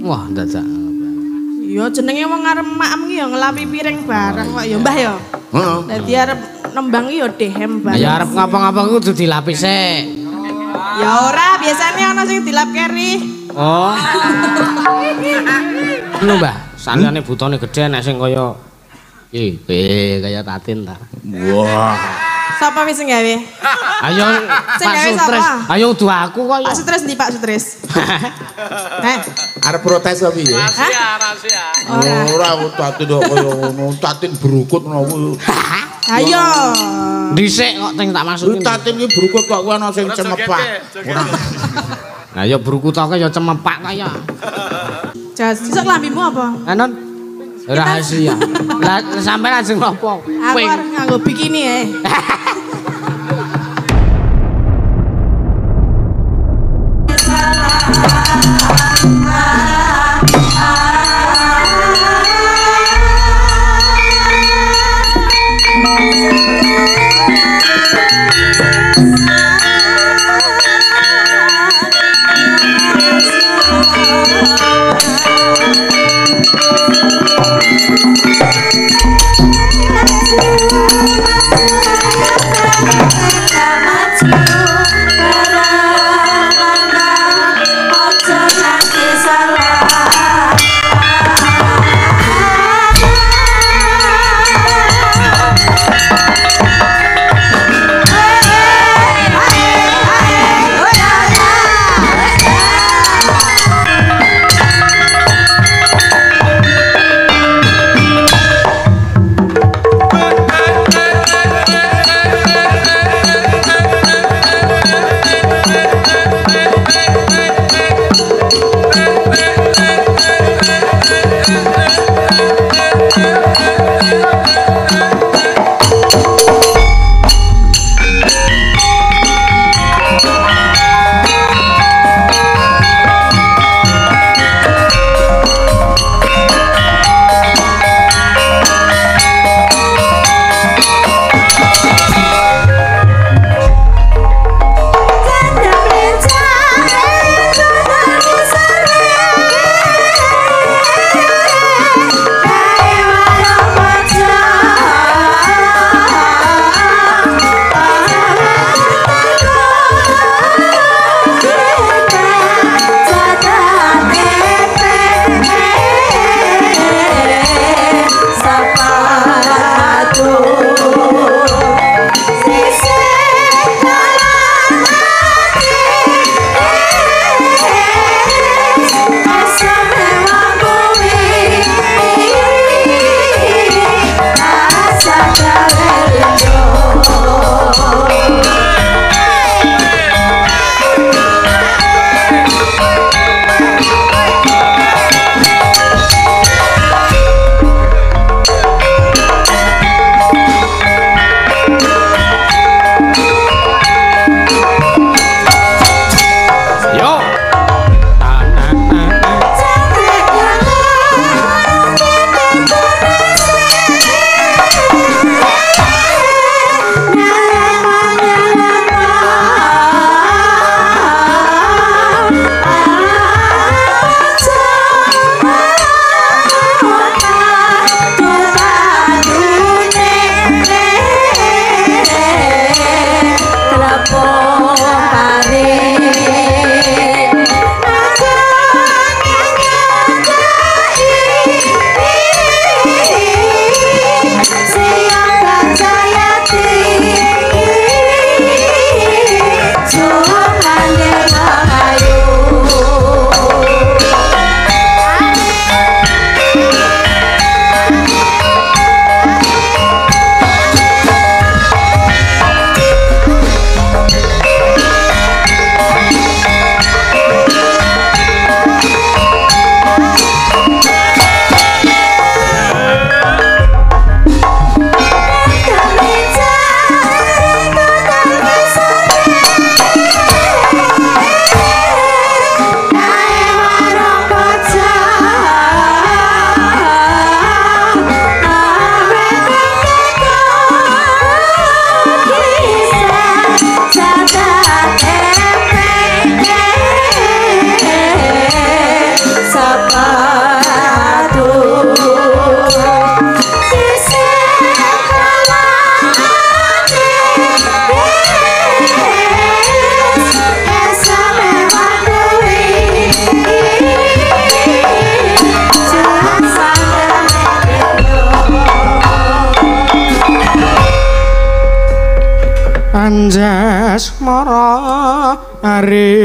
Wah, ndak Ya jenenge wong arep makem ya ngelapi piring bareng kok ya Mbah ya. Heeh. Dadi arep nembang ya dehem bareng. Ya arep ngapa-ngapa kudu dilapis sik. Ya ora, biasanya ana sing dilap keri. Oh. Lho Mbah, sanjane butone gedhe nek sing kaya iki kaya tatin ta. Wah. Sapa wis nggawe? Ayo Pak Sutres. Ayo udu aku kok. Pak Sutres ndi Pak Sutres? Heh. Arep protes opo piye? Rahasia, rahasia. Ora utuh ati kok koyo ngono, tatin berukut ngono kuwi. Ayo. Dhisik kok teng tak masukin. Tatin iki berukut kok kuwi ana sing cemepak. Lah ya berukut kok ya cemepak kaya. Jas, sik lambimu apa? Anon. Eh, rahasia. Lah sampean sing ngopo? Aku arep nganggo bikini ae. Eh. Mare.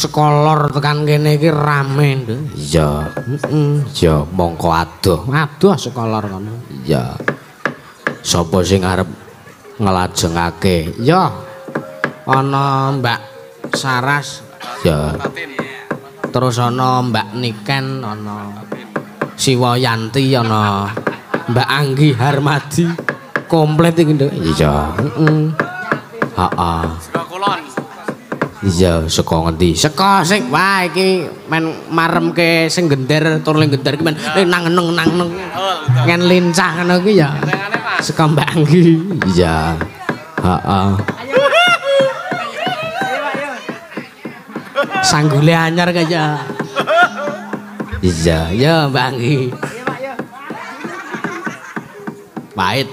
sekolor tekan kene iki rame nduk. Iya, heeh, iya mongko adoh. Adoh sekolor kono. Iya. Sapa sing arep ngelajengake? Ya. Ana Mbak Saras. Ya. Terus ana Mbak Niken ana Siwayanti ana Mbak Anggi Harmadi komplit iki nduk. Iya, heeh. Heeh. Iya, saka ngendi? Saka sik, wah iki men maremke sing gender tur ling gender iki men eh, nang neng nang neng. Ngen lincah ngono iki ya. Saka Mbak Anggi. Iya. Heeh. Sanggule anyar kaya. Iya, ya Mbak Anggi. Iya, Pak. Pahit.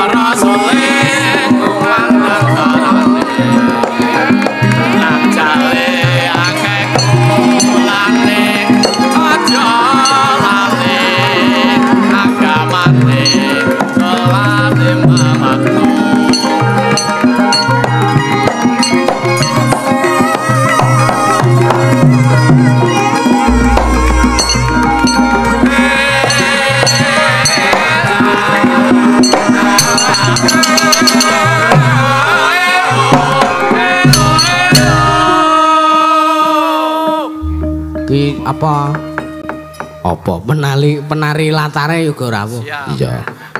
Para soleh. bali penari latare juga ya ora Iya.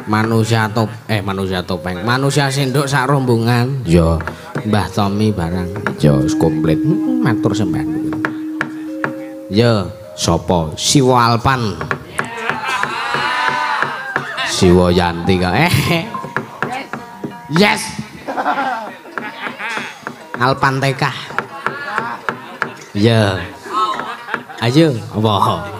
Manusia top eh manusia topeng. Manusia sendok sak rombongan. Iya. Mbah Tommy barang. Iya, komplit. Hmm, matur sembah. Iya, sopo Siwa Alpan. Siwa Yanti kok. Eh, eh. Yes. Alpan tekah Iya. Ayo, apa?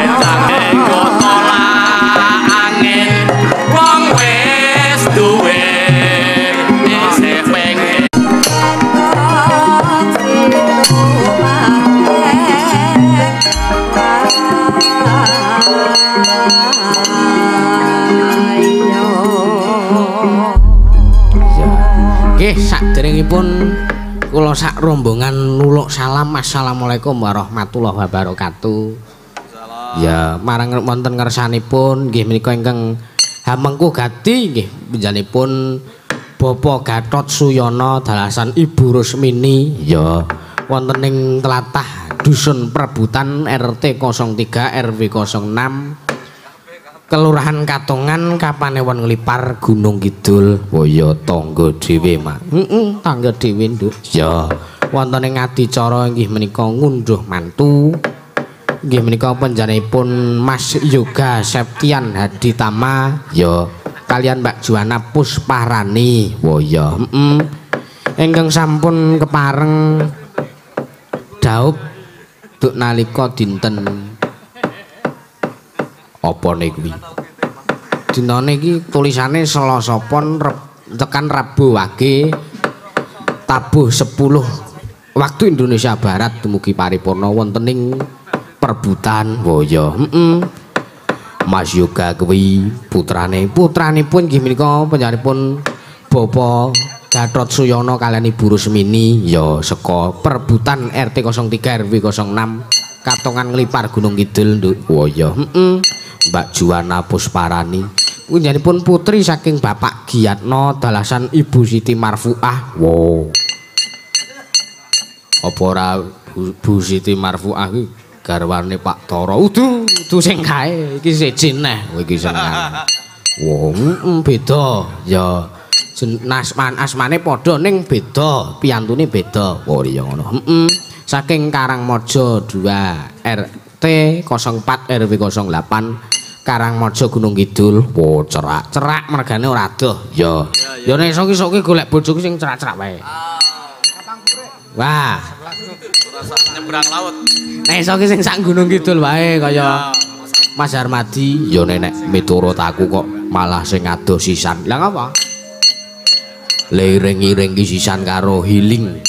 kula sak rombongan nuluk salam assalamualaikum warahmatullahi wabarakatuh Salam. ya marang wonten ngersanipun nggih menika ingkang hamengku gati nggih panjenenganipun Bapak Gatot Suyono dalasan Ibu Rusmini ya wonten ing tlatah Dusun Prebutan RT 03 RW 06 Kelurahan Katongan kapan ewan ngelipar Gunung Kidul oh iya tangga dhewe mak heeh mm -mm, tangga dhewe nduk ya wontene ngadi cara nggih menika ngunduh mantu nggih menika panjenenganipun Mas Yoga Septian Haditama ya kalian Mbak Juana Pusparani oh iya heeh mm sampun kepareng daup duk nalika dinten apa niki dinane iki tulisane Selasa pon tekan Rabu wage tabuh 10 waktu Indonesia Barat dumugi paripurna wonten ing perbutan waya heeh mm Mas Yoga kuwi putrane putrane pun nggih menika panjenenganipun Bapak Gatot Suyono kalian Ibu Rusmini ya saka perbutan RT 03 RW 06 Katongan Ngelipar Gunung Kidul nduk iya heeh Mbak Juwana Pusparani Ini pun putri saking Bapak Giatno dalasan Ibu Siti Marfuah Wow Apa ora Bu Siti Marfuah garwane Pak Toro Udu, itu sing kae iki siji neh iki sing Wong beda ya nasman asmane padha ning beda piyantune beda. Oh iya ngono. Heeh. Saking Karangmojo 2 R t 04 RW 08 Karangmojo Gunung Kidul. Wo oh, cerak, cerak mergane ora adoh. ya, ya nek iso iso golek bojo sing cerak-cerak wae. Wah. nyebrang laut. Nek iso ki sing sak Gunung Kidul wae kaya Mas Armadi, Ya, nenek miturut aku kok malah sing adoh sisan. Lah ngapa? Leireng-ireng ki sisan karo healing.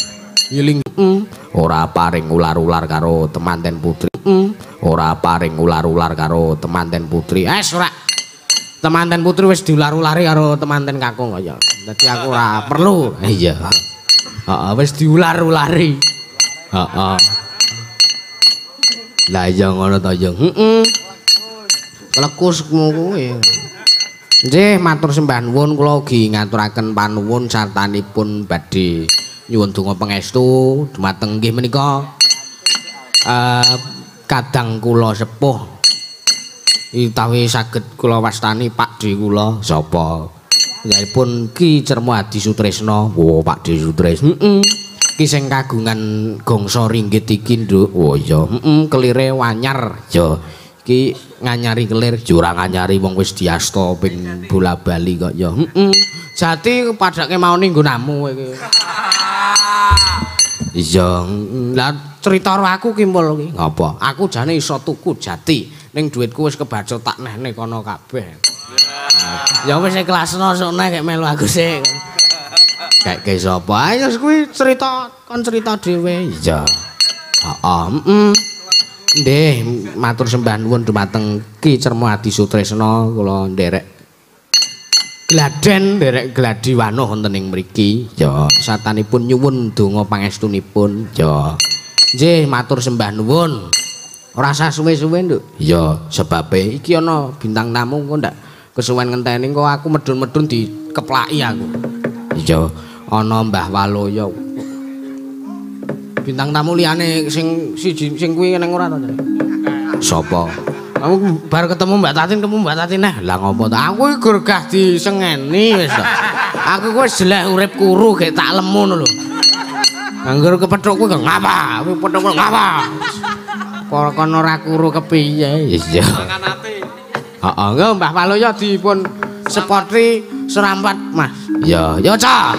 Healing. Mm. Ora paring ular-ular karo temanten putri. Mm. ora paring ular-ular karo temanten putri es eh, ora temanten putri wis diular-ulari karo temanten kakung kaya dadi aku ora perlu iya heeh wis diular-ulari heeh lah ya ngono ta yo heeh klekus kuwi nggih matur sembah nuwun kula ugi ngaturaken panuwun sartanipun badhe nyuwun donga pangestu dumateng nggih menika eh uh, kadang kula sepuh utawi saged kula wastani Pakde kula sapa yaipun Ki Cermo sutresno, Sutresna oh, Pakde Sutres heeh Ki sing kagungan gongso ringgit iki nduk oh ya heeh kelire wanyar ya ki nganyari kelir jurang nganyari wong wis diasta ping bola bali kok ya heeh jati padake mau ning nggonamu kowe Ya, lah cerita aku kimpul iki. Ngopo? Aku jane iso tuku jati ning duitku wis kebacut tak nehne kono kabeh. Ya wis ikhlasno sone gek melu aku sing. Gek ke sapa? Ayo kuwi cerita kon cerita dhewe. Iya. Heeh, heeh. Nggih, matur sembah nuwun dumateng Ki Cermo Adi Sutresna kula nderek gladen derek gladi wano wonten ing mriki ya satanipun nyuwun donga pangestunipun ya nggih matur sembah nuwun rasa suwe-suwe nduk ya sebabe iki ana bintang tamu kok ndak kesuwen ngenteni kok aku medun-medun dikeplaki aku ya ana Mbah Waloyo bintang tamu liyane sing siji sing kuwi ning ora to sapa Aku baru ketemu Mbak Tatin, ketemu Mbak Tatin nah, eh, lah ngopo ta? Aku iki gergah disengeni wis to. Aku kuwi jelek urip kuru gek tak lemu ngono lho. Anggur kepethuk kuwi ngapa? Kuwi pethuk ngapa? Kok ora kuru kepiye? Yes, ya. Heeh, enggak Mbah Waluyo dipun sepotri serampat, Mas. Ya, ya cah.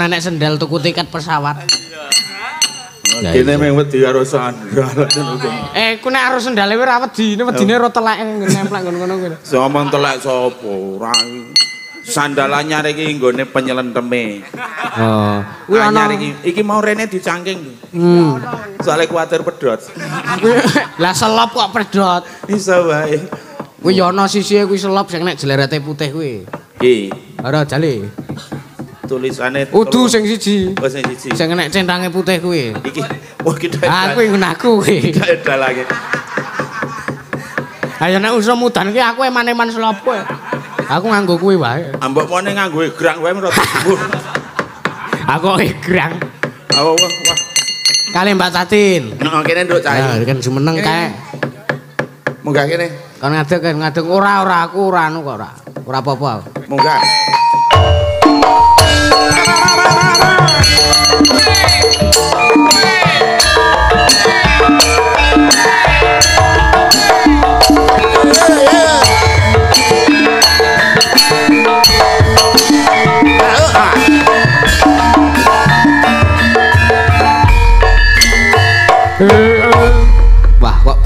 karena nek sendal tuku tiket pesawat. Kene meng wedi karo sandal. Eh, ku nek arus sendale wis ra wedi, ne wedine ro telek nemplak ngono-ngono kuwi. Somong telek sapa ora. Sandal anyar iki nggone penyelenteme. Oh, kuwi anyar iki mau rene dicangking. Hmm. Soale kuwatir pedot. Lah selop kok pedot. Iso wae. Kuwi yo ana sisihe kuwi selop sing nek jelerete putih kuwi. Nggih. Ora jale. tulisane Udu sing siji. Oh sing siji. Sing enek centange putih kuwi. Iki. Oh kita. Ah kuwi ngunaku kuwi. Kita lagi. Ayo nek usah mudan iki aku emane man slopo. Aku nganggo kuwi wae. Ambok mone nganggo egrang wae menurut ibu. Aku egrang. Aku oh, wah. Kali Mbak Tatin. Nek kene nduk cah. Ya kan jumeneng eh. kae. Munggah kene. Kan ngadeg kan ngadeg ora ora aku ora anu kok ora. Ora apa-apa. Munggah.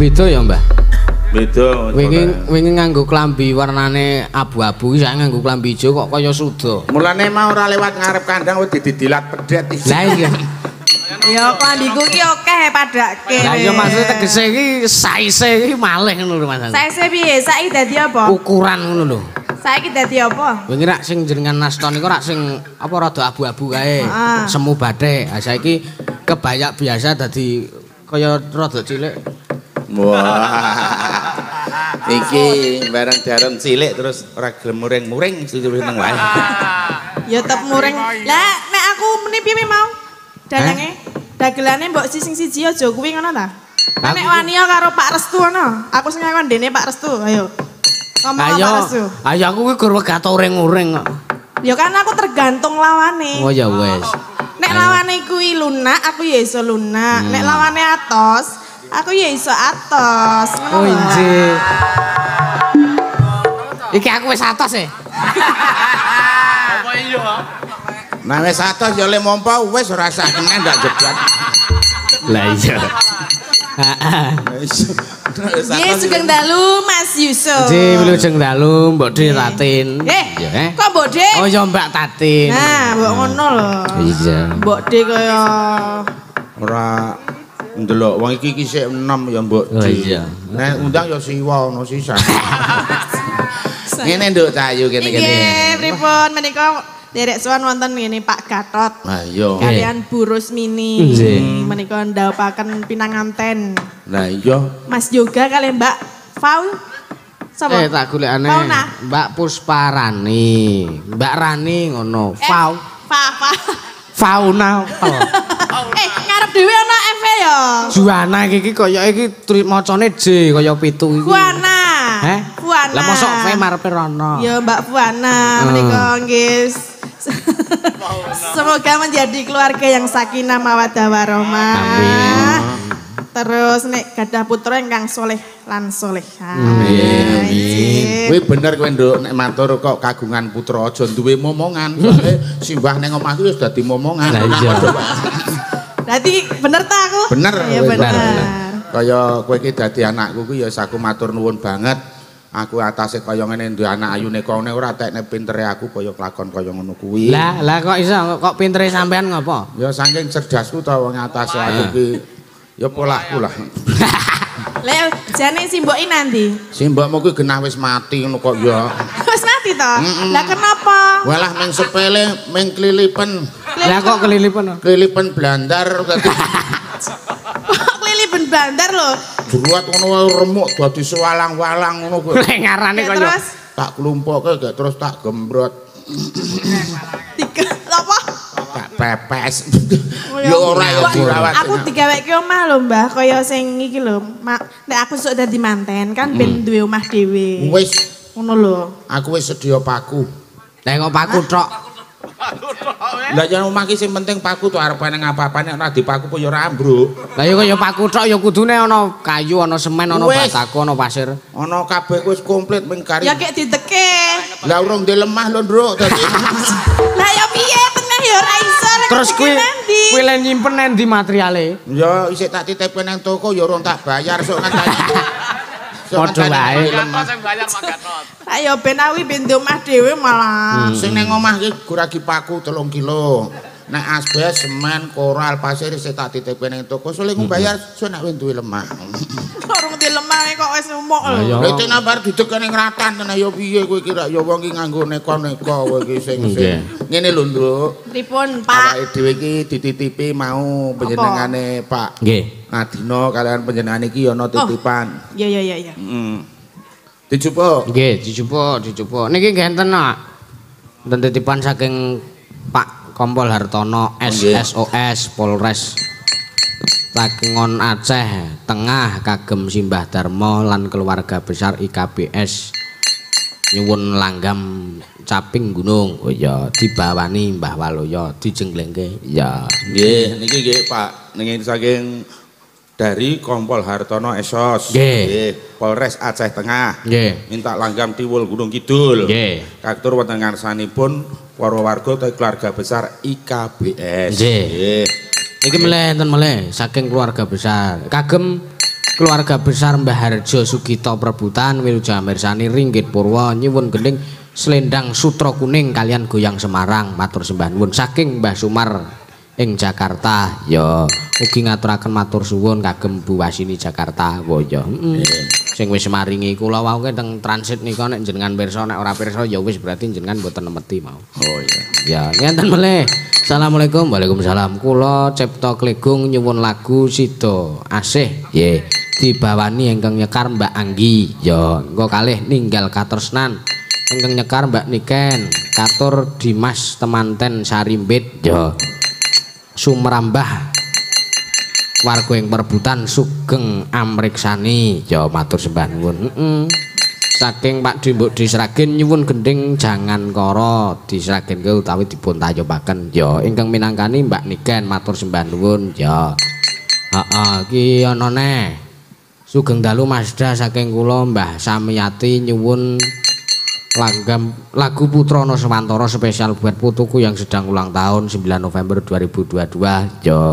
beda ya mbah beda wingi wingi nganggo klambi warnane abu-abu iki saya nganggo klambi ijo kok kaya sudo mulane mau ora lewat ngarep kandang wis dididilat pedet iki lha iya ya klambiku ki akeh padake lha iya maksud tegese iki saise iki malih ngono mas saise piye saiki dadi apa ukuran ngono lho saiki dadi apa wingi sing jenengan naston iku rak sing apa rada abu-abu kae ah. semu bathe ha saiki kebayak biasa dadi kaya rada cilik Wah. Iki barang jarum cilik terus ora gelem muring-muring seneng wae. Ya tetep muring. Lah nek aku muni piye mau? Dalange dagelane mbok sising siji aja kuwi ngono ta? Nek wani karo Pak Restu ngono, aku sing ngakon Pak Restu, ayo. Ngomong ayo, Pak Restu. Ayo aku kuwi gur wegat uring-uring kok. Ya kan aku tergantung lawane. Oh ya wes. Nek lawane kuwi lunak, aku ya iso lunak. Hmm. Nek lawane atos, aku ya iso Atos Oh inji. Iki aku wis Atos e Apa iya? Nah wis atas ya le mompa wis ora sah tenan ndak jebat. Lah iya. Iya, sugeng dalu Mas Yusuf. Ji, belum sugeng dalu Mbok Dwi Tatin. Eh, kok Mbok Dwi? Oh, ya Mbak Tatin. Nah, Mbok ngono lho. Iya. Mbok Dwi kaya ora ndelok wong iki iki sik enom ya mbok oh, iya. nek nah, undang ya siwa ono sisa ngene nduk cayu kene kene nggih pripun menika derek Swan. wonten ngene Pak Gatot nah iya kalian Bu Rusmini hmm. menika ndhawaken pinanganten nah iya Mas Yoga kalian Mbak Faul Sapa? Eh tak golekane. Mbak Pusparani, Mbak Rani ngono. Eh, Fau. Fa. fauna eh, ngarep dhewe ana F e ya. Juana iki kaya iki tulis macane J kaya pitu iki. Juana. Heh? Juana. Lah mosok F marepe e rono. Ya Mbak Juana hmm. menika nggih. Semoga menjadi keluarga yang sakinah mawaddah warahmah. Amin. Terus nek Gadah putra ingkang soleh lan soleh. Amin. Amin. Wih bener kowe nduk nek matur kok kagungan putra aja duwe momongan. Simbah ning omah wis dadi momongan. Lah iya. Dadi bener ta aku? Bener. Ya bener. bener. Kaya kowe iki dadi anakku ku ya aku matur nuwun banget. Aku atase kaya ngene nduwe anak ayune kone ora tekne pintere aku kaya kelakon kaya ngono kuwi. Lah lah kok iso kok pintere sampean ngopo? Ya saking cerdasku ta wong atase aku ki. Ya pola aku lah. Lek jane simboki nanti? Simbokmu kuwi genah wis mati ngono kok ya. Wis mati to? Lah kenapa? Walah men sepele men kelilipen. Lah kok kelilipen? Kelilipen blandar. Kelilipen blandar lho. Buruat ngono remuk dadi walang walang ngono kuwi. Lek ngarane kok ya. Tak klumpukke gak terus tak gembrot. Tiga apa? pepes. Oh, ya ora aku rawat. Aku digaweke omah lho, Mbah, kaya sing iki lho. nek aku sok dadi manten kan ben hmm. duwe omah dhewe. Wis. Ngono lho. Aku wis sedia paku. Lah kok paku tok. Lah jan omah iki sing penting paku to arep ana ngapa-apa nek ora dipaku yo ora ambruk. Lah yo kaya paku tok yo kudune ana kayu, ana semen, ana bataku, ana pasir. Ana kabeh wis komplit ming Ya kek diteke. Lah urung dilemah lho, Nduk. Lah yo piye tengah yo ora iso. Terus kuwi kuwi len nyimpen nang materiale? Ya isik tak titipke nang toko ya ora tak bayar sok nang tak. Padha wae. Ayo ben awi ben omah dhewe malah. Hmm. Sing nang omah iki guragi paku 3 kilo. Nek asbes, semen, koral, pasir isik tak titipke nang toko, soalnya mbayar hmm. sok nek duwe lemah. lemah kok wis umuk lho. Lha iki nambar didekne ngratan tenan ya piye kowe kira ya wong iki nganggo neka kowe iki sing sing. Ngene lho Nduk. Pripun Pak? Awake dhewe iki dititipi mau penjenengane Pak. Nggih. Adina kalian penjenengan iki ana oh. titipan. Oh, iya iya iya iya. Hmm. Nggih, dicupo, dicupo. Niki ngenten, Pak. titipan saking Pak Kompol Hartono SSOS Polres. Takngon Aceh Tengah kagem Simbah Darmo lan keluarga besar IKBS nyuwun langgam caping gunung oh ya dibawani Mbah Waloyo dijenglengke ya nggih niki nggih Pak ning saking dari Kompol Hartono Esos nggih Polres Aceh Tengah nggih minta langgam diwul Gunung Kidul nggih kagtur wonten ngarsanipun para warga keluarga besar IKBS nggih Iki meleh enten meleh saking keluarga besar. Kagem keluarga besar Mbah Harjo Sugito Perbutan Wiluja sani Ringgit Purwa nyuwun gending Selendang sutro Kuning kalian Goyang Semarang matur sembah nuwun saking Mbah Sumar ing Jakarta ya ugi ngaturaken matur suwun kagem Bu Wasini Jakarta wo ya heeh mm. sing wis maringi kula wau teng transit nika nek jenengan pirsa nek ora pirsa ya wis berarti jenengan mboten nemeti mau oh iya ya ngenten meneh Assalamualaikum Waalaikumsalam kula cipta klegung nyuwun lagu sida asih nggih dibawani ingkang nyekar Mbak Anggi ya engko kalih ninggal katresnan ingkang nyekar Mbak Niken katur Dimas temanten Sarimbit ya sumrambah warga yang perebutan sugeng amriksani jawa matur sembah nyuwun saking pak dimbuk diseragin nyuwun gending jangan koro diseragin ke utawi dipun tayo bahkan ya ingkang minangkani mbak niken matur sembah nyuwun ya ha ha ki sugeng dalu masda saking kulo mbah samiyati nyuwun langgam lagu Putrono Semantoro spesial buat putuku yang sedang ulang tahun 9 November 2022 yo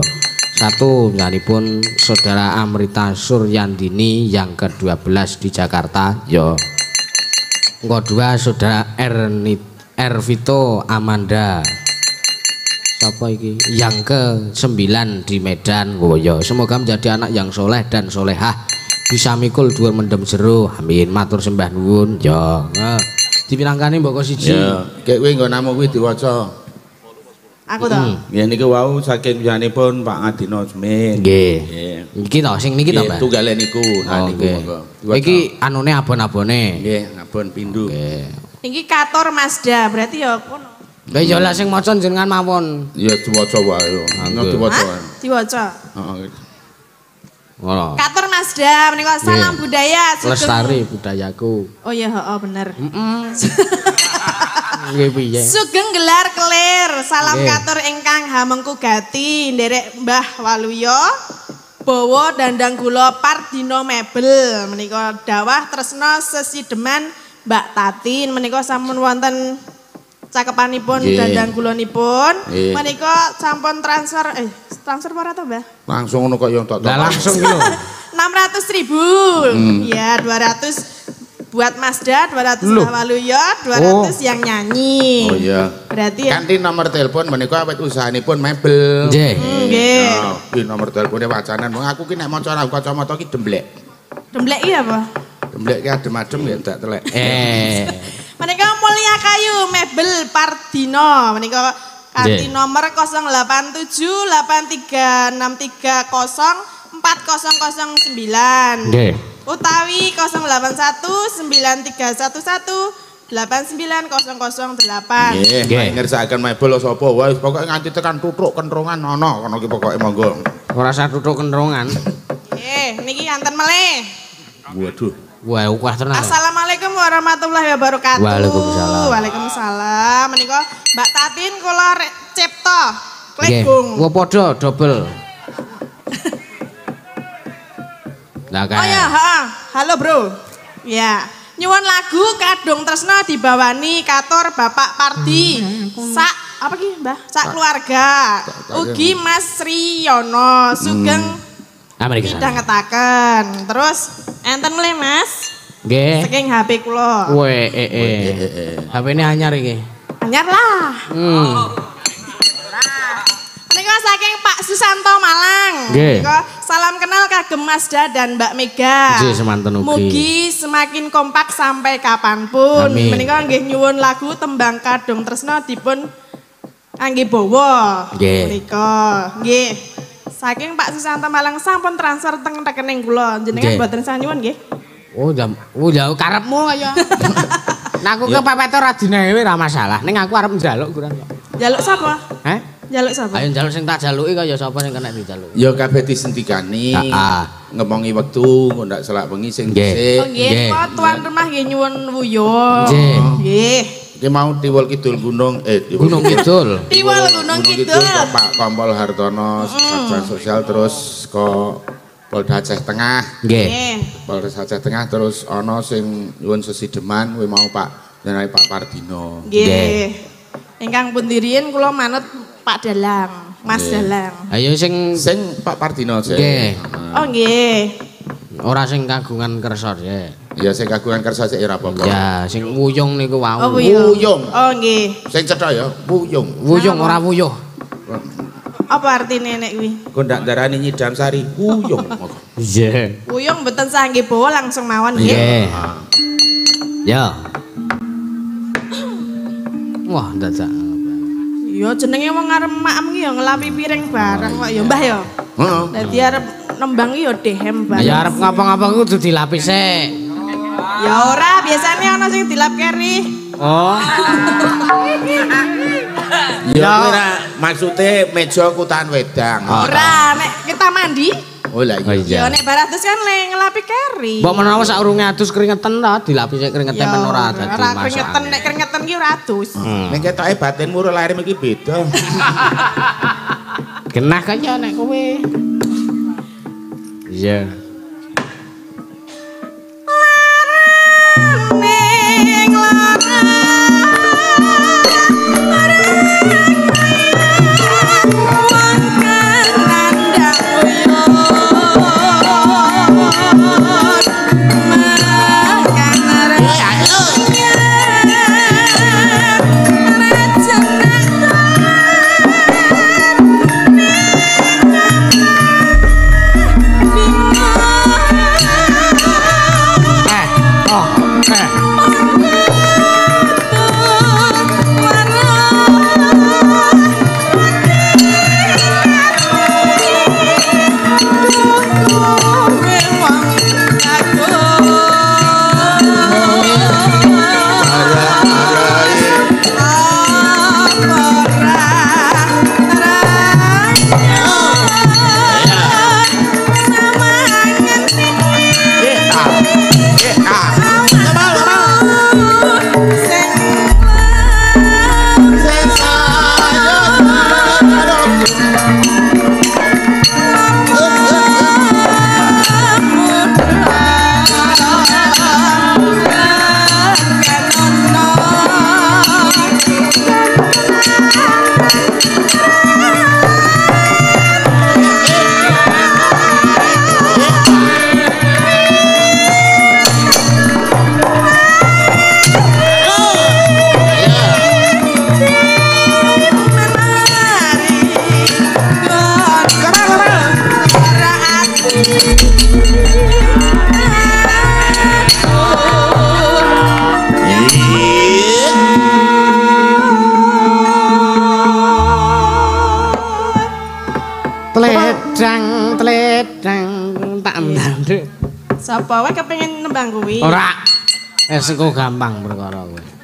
satu nyanyi pun saudara Amrita Suryandini yang ke-12 di Jakarta yo Ngo dua saudara Ernit Ervito Amanda siapa iki yang ke 9 di Medan Woyo semoga menjadi anak yang soleh dan solehah bisa mikul dua mendem jeruk amin matur sembah nuwun yo dipinangkani mbok siji kek kuwi nggo namo kuwi diwaca aku to hmm. ya niku wau saking pun Pak Adino Smith nggih iki to sing niki to Pak tunggal e niku oh, nah niku monggo iki anune abon-abone nggih abon pindu nggih iki kator Mazda berarti ya kono Lah ya lah sing maca jenengan mawon. Ya diwaca wae. Ana diwaca. Diwaca. Heeh. Wala. Katur Mazda, menikah salam budaya. Lestari budayaku. Oh iya, oh, bener. Mm Sugeng gelar kelir, salam Nih. katur ingkang hamengku gati, nderek mbah waluyo. Bowo dandang gula Pardino mebel menikah dawah tresno sesideman mbak tatin menikah samun wonten cakepanipun yeah. dan kulonipun yeah. menika sampun transfer eh transfer apa to Mbah langsung ngono kok yang tok nah, langsung yo 600 ribu hmm. ya 200 buat Mazda 200 Loh. awal 200 oh. yang nyanyi oh iya berarti ganti nomor telepon menika Usaha usahanipun mebel nggih hmm, nggih di nomor teleponnya wacanan aku ki nek maca ra kacamata ki demblek demblek iya apa demblek ki adem-adem ya ndak telek eh Menika mulia kayu mebel Pardino. Menika kartu yeah. nomor 087836304009. Nggih. Yeah. Utawi 081931119008. Nggih, yeah. yeah. ngersakaken mebel sapa wae pokoke nganti tekan tutuk kentrongan ana kono ki pokoke monggo. Ora usah tutuk kentrongan. Nggih, niki anten meleh. Waduh. Wah, kuah Assalamualaikum warahmatullahi wabarakatuh. Waalaikumsalam. Waalaikumsalam. Menika Mbak Tatin kula cipta klegung. Nggih. Wo padha dobel. Lah kae. Oh ya, ha. Halo, Bro. Ya. Nyuwun lagu Kadung Tresno dibawani kator Bapak Parti. Hmm. Sak apa ki, Mbah? Sak keluarga. Ugi Mas Riyono Sugeng hmm. Amri Kita Didanggetaken. Terus enten mulai Mas. Ge. Saking HP kulo. Wee. eh, eh. HP eh, eh, eh. ini anyar iki. Anyar lah. Hmm. Oh. Nah, saking Pak Susanto Malang. Ge. salam kenal kagem Mas dan Mbak Mega. Nggih, semanten ugi. Mugi semakin kompak sampai kapanpun. Menika nggih nyuwun lagu tembang Kadung Tresno dipun Anggi Bowo. Nggih. Menika nggih. Saking Pak Susanto Malang sampun transfer teng rekening kula. Jenengan mboten sanyuwun nggih. Oh, jam oh ya karepmu kaya. nah, aku kepepet ora dinewe ora masalah. Ning aku arep njaluk kurang kok. Jaluk sapa? Hah? Jaluk sapa? Ayo njaluk sing tak jaluki ya sapa sing kena dijaluki. Ya kabeh disentikani. Heeh. Ngomongi wektu ndak selak bengi sing dhisik. Oh, nggih. Oh, Tuan Remah nggih nyuwun wuyung. Nggih. Nggih. Ki mau Tiwol Kidul Gunung eh Gunung Kidul. Tiwol Gunung Kidul. Pak Kompol Hartono, mm. Kepala Sosial terus ke Polda Aceh Tengah. Nggih. Polda Aceh Tengah terus ana sing nyuwun sesi deman kuwi mau Pak Jenderal Pak Pardino. Nggih. Ingkang pun diriin kula manut Pak Dalang, Mas Dalang. Ayo sing sing Pak Pardino sing. Nggih. Oh nggih. Ora sing kagungan kersa nggih. Ya sing kagungan kersa sik ora apa-apa. Ya sing wuyung niku wau. Oh, wuyung. Oh nggih. Sing cetha ya, wuyung. Wuyung ora wuyuh. Apa artine nek kuwi? Kondak darani nyidam sari, wuyung. Iya. wuyung mboten sah nggih bawa langsung mawon nggih. Yeah. Ya. Wah, ndak sak. Ya jenenge wong arep makem ya ngelapi piring barang kok ya, Mbah ya. Heeh. Dadi arep nembang ya dehem bareng. Ya arep ngapa-ngapa kudu dilapis Ya ora, biasanya ana sing dilap keri. Oh. ya ora, maksude meja kutan wedang. Oh, ora, nek kita mandi. Oh lah iya. Ya nek baratus kan le ngelapi keri. Mbok menawa sak urunge adus keringeten ta dilapi sik keringeten men ora dadi masalah. Ora keringeten nek keringeten ki ora adus. Hmm. Nek ketoke batinmu ora lahir iki beda. Genah kaya nek kowe. Iya. apa? Wah pengen nembang kuwi. Ora. Wis gampang perkara kuwi.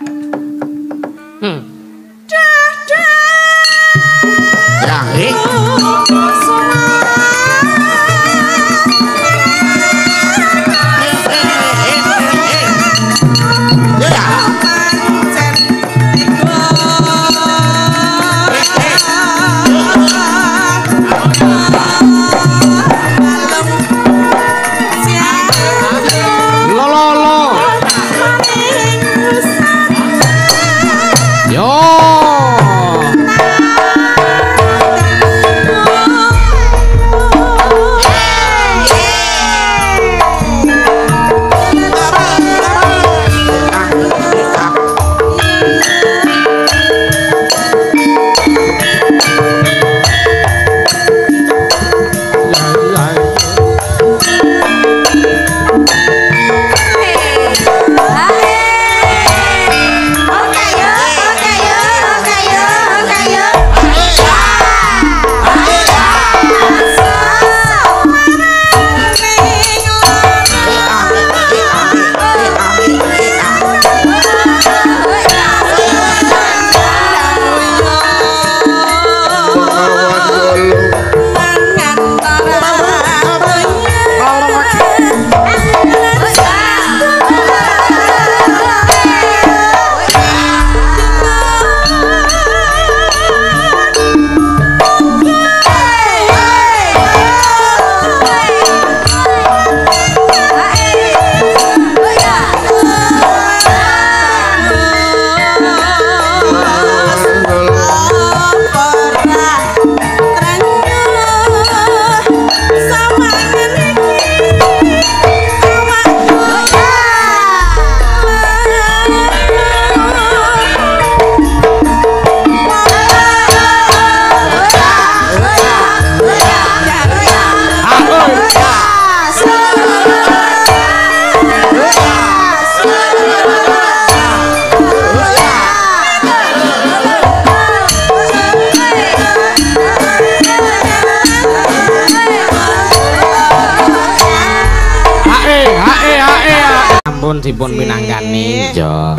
dipun pinangkani yo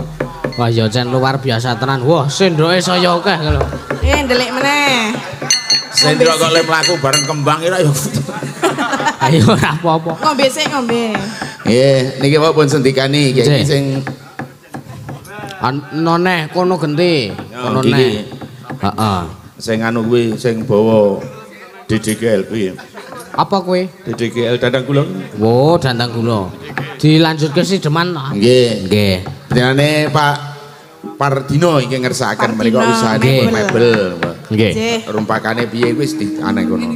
wah yo jen luar biasa tenan wah sendoke saya akeh lho eh ndelik meneh sendok kok lek bareng kembang ira ayo ora apa-apa ngombe sik ngombe nggih niki wae pun sentikani iki sing anone kono genti kono ne heeh sing anu kuwi sing bawa DDGL kuwi apa kuwi DDGL dandang kula wo dandang kula dilanjutke si Deman to. Nggih. Nggih. Dene Pak Pardino iki ngersakaken mriko usahane mebel. Nggih. Rumpakane piye wis diane kono.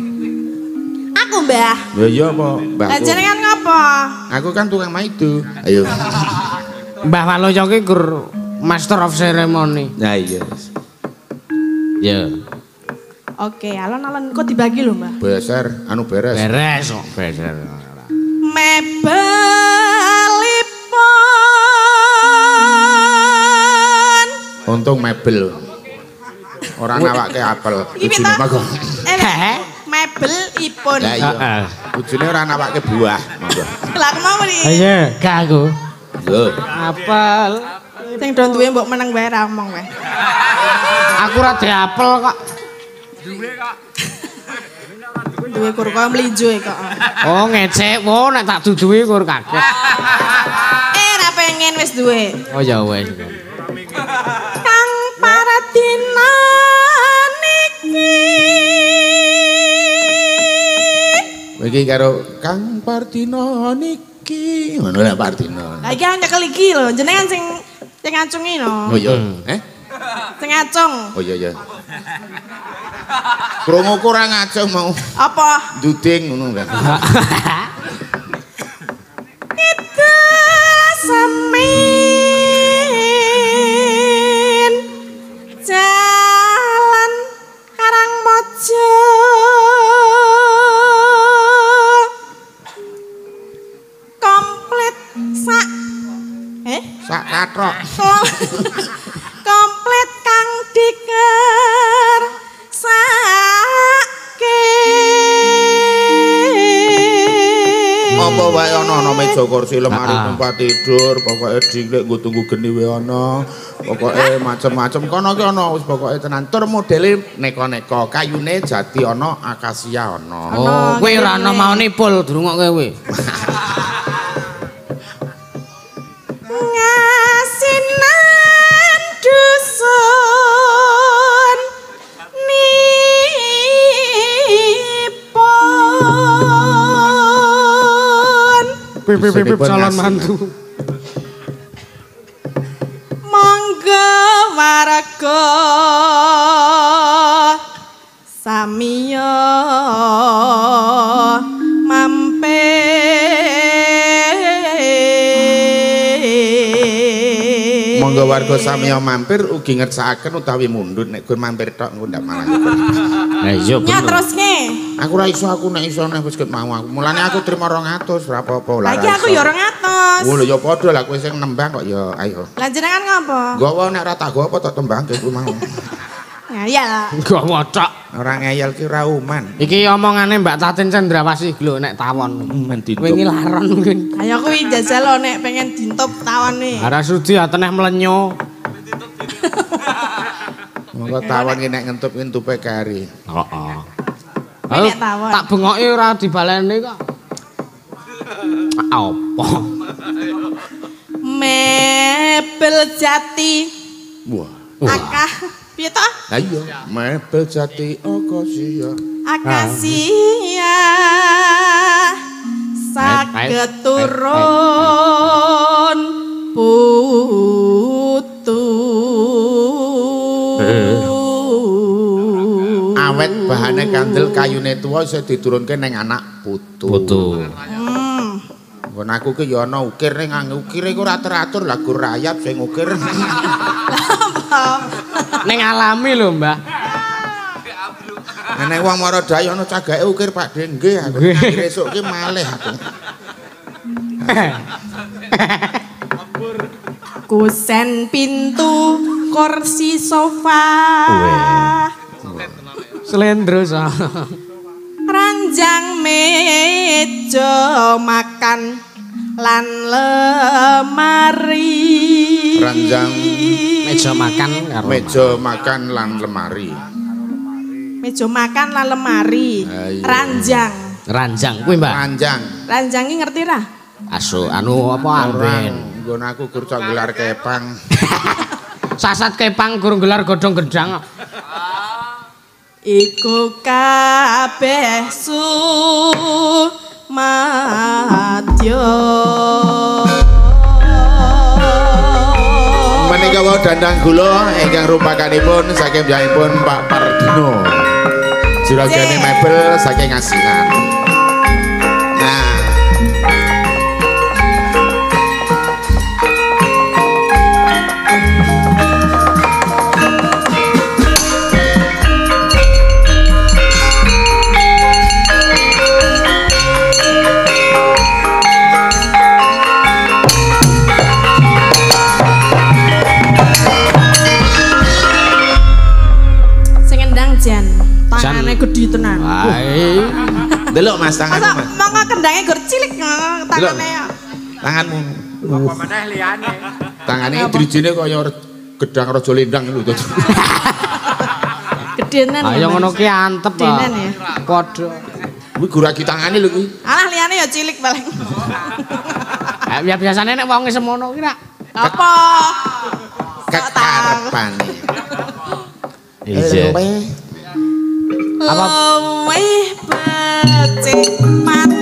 Aku, Mbah. Ya iya, Pak. Mbah. Lah jenengan ngopo? Aku kan tukang maido. Ayo. Mbah Waloyo ki gur master of ceremony. Ya iya. Ya. Oke, alon-alon kok dibagi lho, Mbah? Beser, anu beres. Beres kok, oh, beser. contoh mebel. Ora ngawake apel. Bujune mago. Eh, mebel ipun. Heeh. Bujune ora nawake buah. Lah kenapa iki? Iya, gak aku. Lho, apel. Sing do duwe mbok meneng wae ra omong wae. Aku ora di apel kok. Duwe kok. Duwe kur kok mlinjo kok. Oh, ngecek wo oh, nek tak duduhi kur kaget. Eh, ra pengen wis duwe. Oh ya wis. iki karo Kang Partino niki. Ngono lah Partino. Lah iki anyek iki lho, jenengan sing sing ngacungi no. Oh iya. Hmm. Eh? Sing ngacung. Oh iya iya. Krungu kurang ngacung mau. Apa? Duding ngono kan. kok. Komplit kang diker sake. Ngopo wae ana ana meja kursi lemari ah, ah. tempat tidur, pokoke diklik nggo tunggu geni wae ana. Pokoke macem-macem kono ki ana wis pokoke tenan tur modele neka-neka, kayune jati ana akasia ana. Oh, kowe ora ana maune pul durungok kowe. pipi-pipi calon mantu. Mangga warga mampir. Monggo warga samiya mampir ugi ngersakaken utawi mundhut nek kowe mampir tok ngundang malah. Nah iya bener. Aku ra iso aku nek iso nek wis ket mau aku. Mulane aku terima 200 ora apa-apa lah. Lagi aku ya 200. Oh Ya yo padha lah kowe sing nembang kok ya ayo. Lah jenengan ngopo? Gowo nek ora tak gawa apa tak tembang ke kowe mau. Ngayal. Gak ngocok. Ora ngayal ki ora uman. Iki omongane Mbak Tatin Cendrawasih glo nek tawon. Wingi laron mungkin. Ayo kuwi jajal nek pengen dintop tawon iki. Ara suci ateneh mlenyo. Monggo tawon iki nek ngentup-ngentupe kari. Heeh. tak bengoke ora dibaleni kok. Apa? Mebel jati. Wah. Akah piye to? Lah iya, mebel jati akasia. Akasia. Saget turun putu. bahane kandel kayune tuwa iso diturunke ning anak putu. Putu. Nggon hmm. aku ki ya ana ukir ning ngangge ukir iku ora teratur lha gur rayap sing ukir. Ning alami lho, mbak. Nek wong mara dayo ana cagake ukir Pak Den nggih aku esuk ki malih aku. Kusen pintu kursi sofa. Slendro Ranjang meja makan lan lemari. Ranjang meja makan karo meja makan lan lemari. Meja makan lan lemari. Ah, Ranjang. Ranjang kuwi, Mbak. Ranjang. Ranjang ngerti ra? Asu anu apa amben. Nggon aku gur gelar kepang. Sasat kepang gur gelar godhong gedang. Iku kabeh su matyo Menikawa dandang gulo Enggang rumpakan ipun Saking biayipun Pak Pardino Juragani mebel Saking ngasinan Saking delok Mas tanganmu. Masa mongko kendangnya gur cilik tangane ya. Tanganmu. Apa meneh liyane. Tangane drijine kaya gedang raja lendang lho. Gedenan. Ya, Ayo ngono ki antep. Gedenan ya. Padha. Kuwi guraki tangane lho kuwi. Alah liyane ya cilik paling. Eh, ya biasanya nek wong semono ki rak apa? Kekarepane. Iya. apa? Wih, petik mata.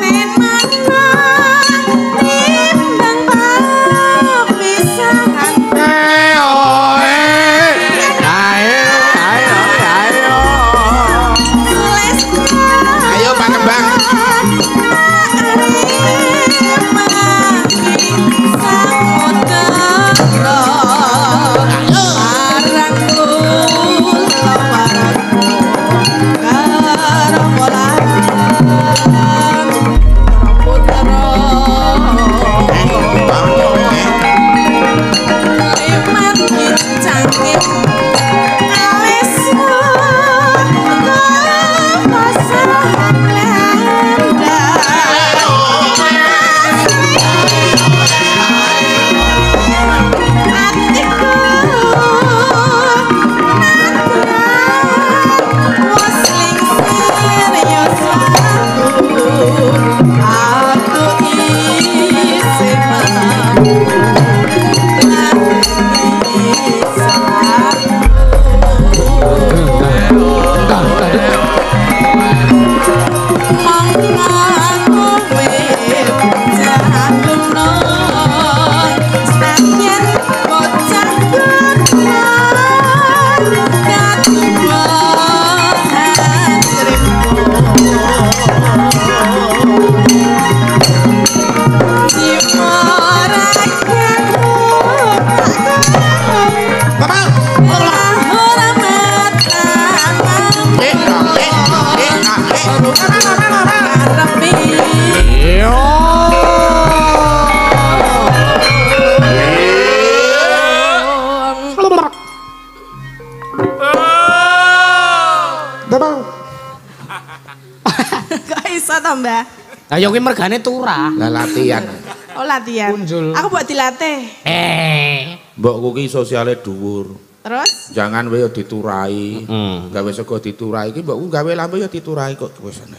Lah ya mergane turah. Lah latihan. Oh latihan. Aku mbok dilatih. Eh, mbok kuwi sosiale dhuwur. Terus? Jangan weh diturai. Heeh. Mm. Gawe sego diturai iki mbokku gawe lampu ya diturahi kok wis ana.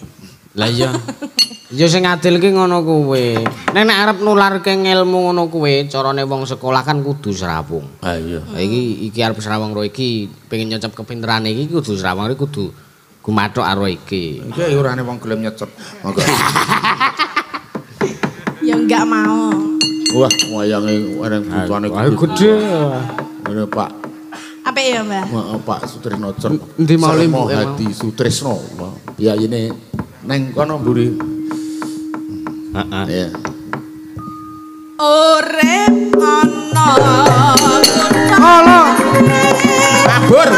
Lah iya. Ya sing adil ki ngono kowe Nek nek arep nularke ilmu ngono kowe carane wong sekolah kan kudu srawung. Ha ah, iya. Iki iki arep srawung ro iki pengen nyocap kepinteran iki kudu srawung iki kudu kumathok karo iki. Iki urane wong gelem nyecet. Ya enggak mau. Wah, wayange areng butuhane gede. Ngene Pak. Apik ya, mbak? Heeh, Pak Sutrisno. Endi mau mau hadi Sutrisno. Ya ini neng kono mburi. Heeh. Iya. Urip ana Allah. Kabur.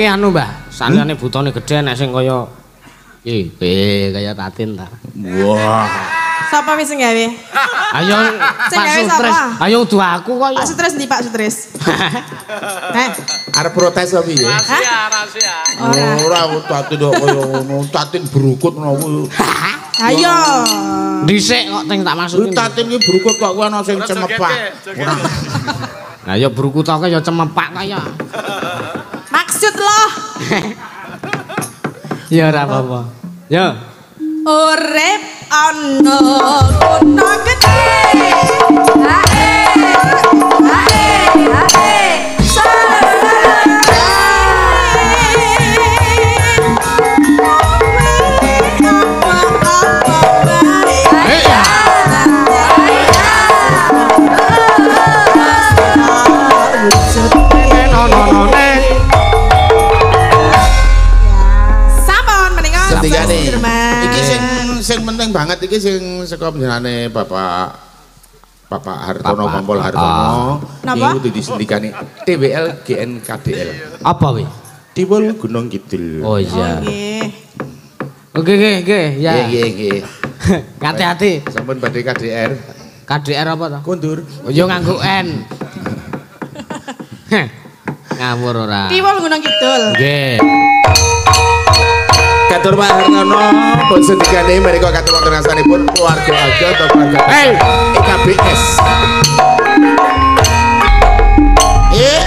iki anu, Mbah. Hmm? Sandane butone gedhe nek sing kaya iki kaya tatin ta. Wah. Sapa wis nggawe? Ayo Pak Sutris. Ayo udu aku kok. Pak Sutris ndi Pak Sutris? Nek arep protes kok piye? Rahasia, rahasia. Ora aku tatin kok kaya ngono, tatin berukut ngono kuwi. Ayo. Dhisik kok teng tak masukin. Lu tatin ki berukut kok kuwi ana sing cemepak. Lah ya berukut ya cemepak kok ya. lanjut ya ora apa-apa. Ya. Urip ana Kuna gede. Ae, ae, ae. kasihan banget iki sing saka panjenengane Bapak Bapak Hartono Kompol Hartono. Napa? Iku disendikane TWL GNKDL. Apa we? Tiwul Gunung Kidul. Oh iya. Oke oke oke ya. Nggih nggih Hati-hati. Sampun badhe KDR. KDR apa to? Kundur. Oh, yo nganggo N. Ngawur ora. Tiwul Gunung Kidul. Nggih. Katur Pak Hartono, pun sedikit ini mereka katur waktu nasani pun keluarga aja atau keluarga. Hey, IKBS. Yeah.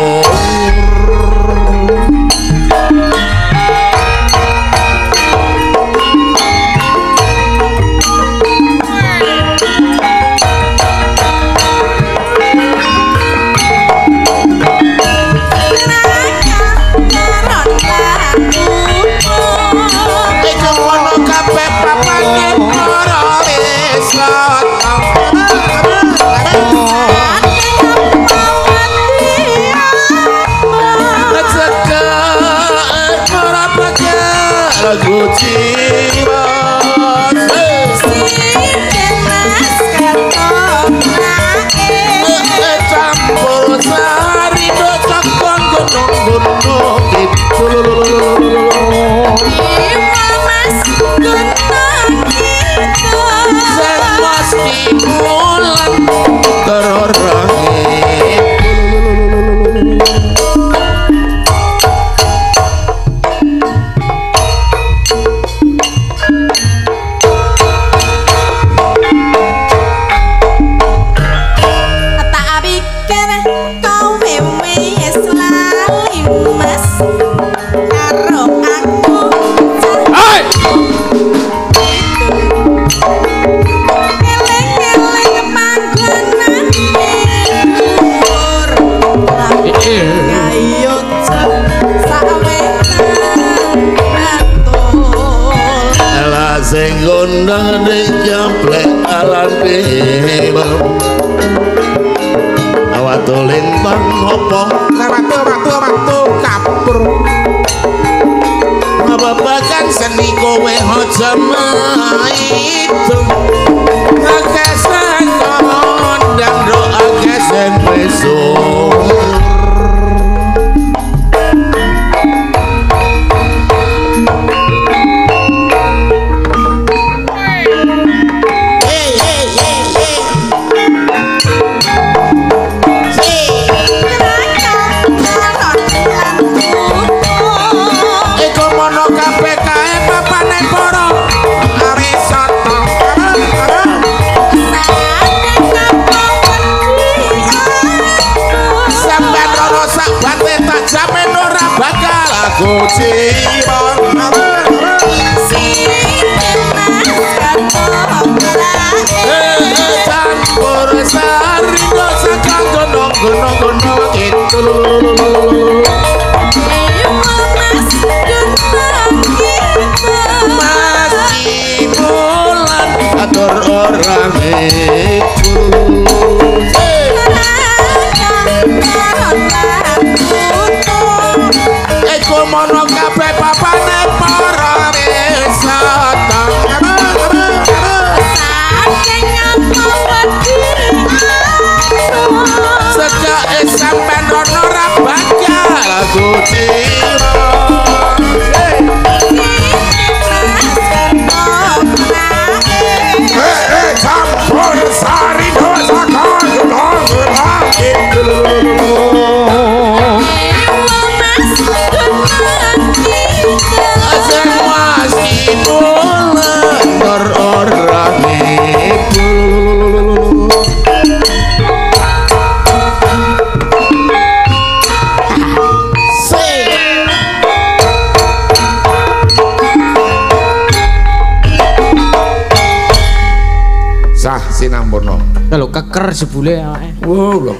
keker jebule awake. Wow, lho.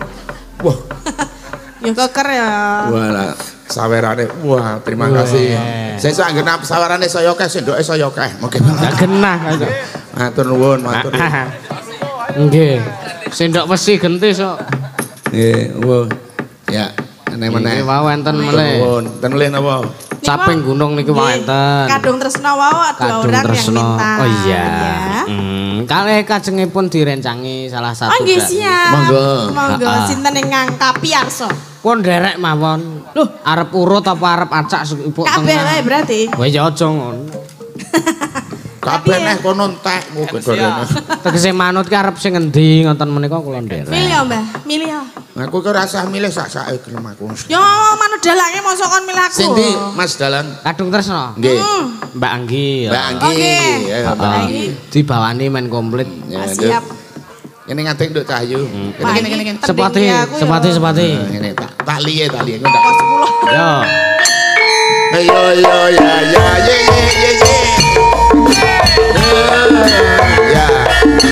Wah. ya keker ya. Wah, sawerane. Wah, terima Wee. kasih. sak genap sawerane saya akeh, sendoke saya akeh. Mungkin gak genah kan. Matur nuwun, matur. Nggih. Sendok besi genti sok. Nggih, wah. Ya, nek meneh. Iki wae enten meneh. Nuwun, enten meneh napa? Caping gunung niki wae enten. Kadung tresna wae ada orang yang minta. Oh iya. Ya. Heeh. Hmm. Kalih kajengipun direncangi salah satu. Oh, siap. Monggo. Monggo sinten ning ngangkapi arso. Pun derek mawon. Loh, arep urut apa arep acak suku Kabeh wae berarti. Wae ya aja ngono. Kabeh neh kono entek mugo Tegese manut ki arep sing endi ngoten menika kula nderek. Milih, Mbah. Milih. Aku ki ora usah milih sak-sake gelem aku. Yo manut dalange mosok kon milih aku. Sindi, Mas Dalan. Kadung tresno. Nggih. Hmm. Mbak Anggi. Mbak Anggi. Oke. Mbak Anggi. Dibawani men komplit. Ah, siap. Ini ngantik duk cahayu. Hmm, ini, ini, ini. Sepati, sepati, sepati. Hmm. Ini, tak, tak liye, tak liye. Yo. Yo, yo, ya, ya, ye, ye, ye, ye. Ya. Ya.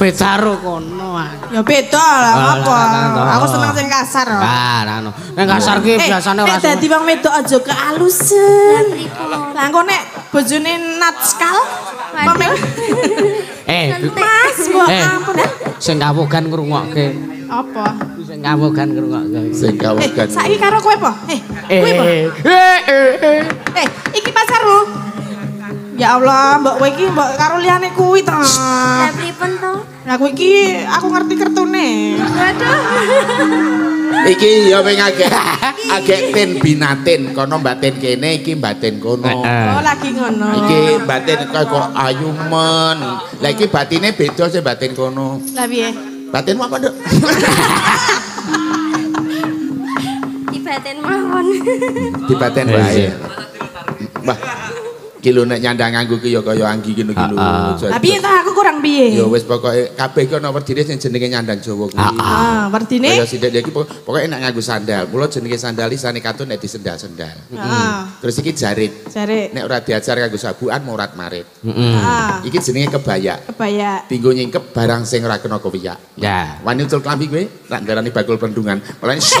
Becaro kono. Ya beda lah ah, apa. Aku seneng sing kasar. Kasar anu. Nek kasar ki eh, biasane ora. Dadi wong wedok aja kealusen. Lah engko nek bojone Natskal. Eh, Mas, kok eh, ampun. Sing kawogan ngrungokke. Apa? Sing kawogan ngrungokke. Sing kawogan. Eh, saiki karo kowe apa? Eh, kowe apa? Eh, iki pacar Ya Allah, Mbak Wiki, Mbak Karuliane kuwi ta. pripun to? Lah kuwi iki aku ngerti kertune. Waduh. iki ya ping agek agek tin binatin kono batin kene iki batin kono. Oh lagi ngono. Iki batin kok kok ayu men. Lah iki batine beda sing batin kono. Lah piye? Batinmu apa, Dok? Di batin mawon. Di batin eh, wae. Iya. Mbah. Ki lho nek nyandang nganggo ki ya kaya Anggi ngono ki lho. Lah piye ta aku kurang piye? Ya wis pokoke kabeh ki ana werdine sing jenenge nyandang Jawa kuwi. Heeh, ah, werdine. Ya sithik iki pokoke nek nganggo sandal. Mula jenenge sandal isane katun nek disendal-sendal. Hmm. Terus iki jarit. Jarit. Nek ora diajar nganggo sabukan morat marit. Heeh. Iki jenenge kebaya. Kebaya. Tinggo nyingkep barang sing ora kena kopiak. Ya. Wani utul klambi kowe lak ndarani bakul pendungan. Mulane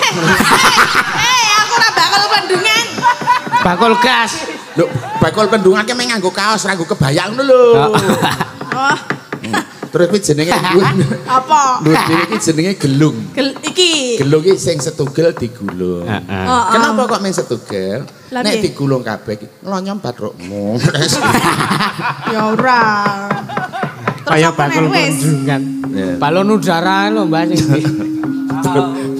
Eh, aku ora bakul pendungan. Bakul gas. Lho, bakul pendungake meng nganggo kaos, ra nggo kebaya ngono lho. Oh. Oh. Hmm. Terus iki jenenge apa? Lho, iki jenenge gelung. Iki. Gelung iki sing setugel digulung. Oh, Kenapa kok meng setugel? Nek digulung kabeh iki nglonyom bathrukmu. Ya ora. Kaya bakul pendungan. Balon udara lho, Mbak sing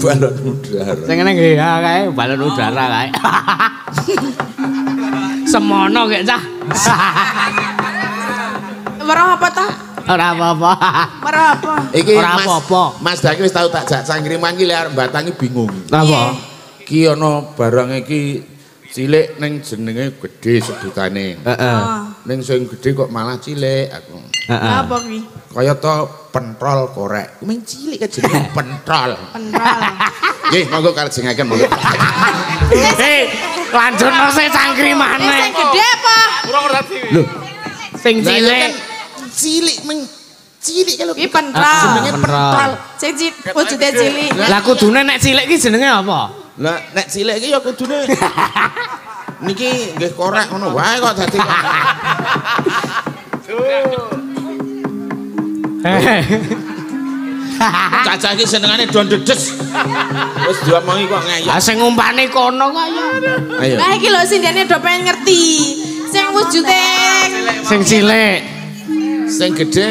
balon udara. Sing ngene nggih, ya kae balon udara kae. semono gak sah apa ta berapa apa berapa iki mas apa? mas daki wis tahu tak jak sangkriman iki lihat batangi bingung apa iki ono barang iki cilik neng jenenge gede sebutane uh -uh. Ah. neng sing gede kok malah cilik aku uh -uh. kaya to pentrol korek main cilik kan jenenge pentrol pentrol nggih monggo karo jengaken monggo hey. lanjut se sing cangkri mana gede apa kurang ngerti lho sing cilik cilik meng cilik kalau iki pentral ah, jenenge pentral sing wujude cilik lha kudune nek cilik iki jenenge apa lah nek cilik iki ya kudune niki nggih korek ngono wae kok dadi Cacah iki senengane don dedes. Wis diomongi kok ngayak. Lah sing umpane kono kok ya. Ayo. Lah iki lho sindene do pengen ngerti. Sing wujute sing cilik. Sing gedhe.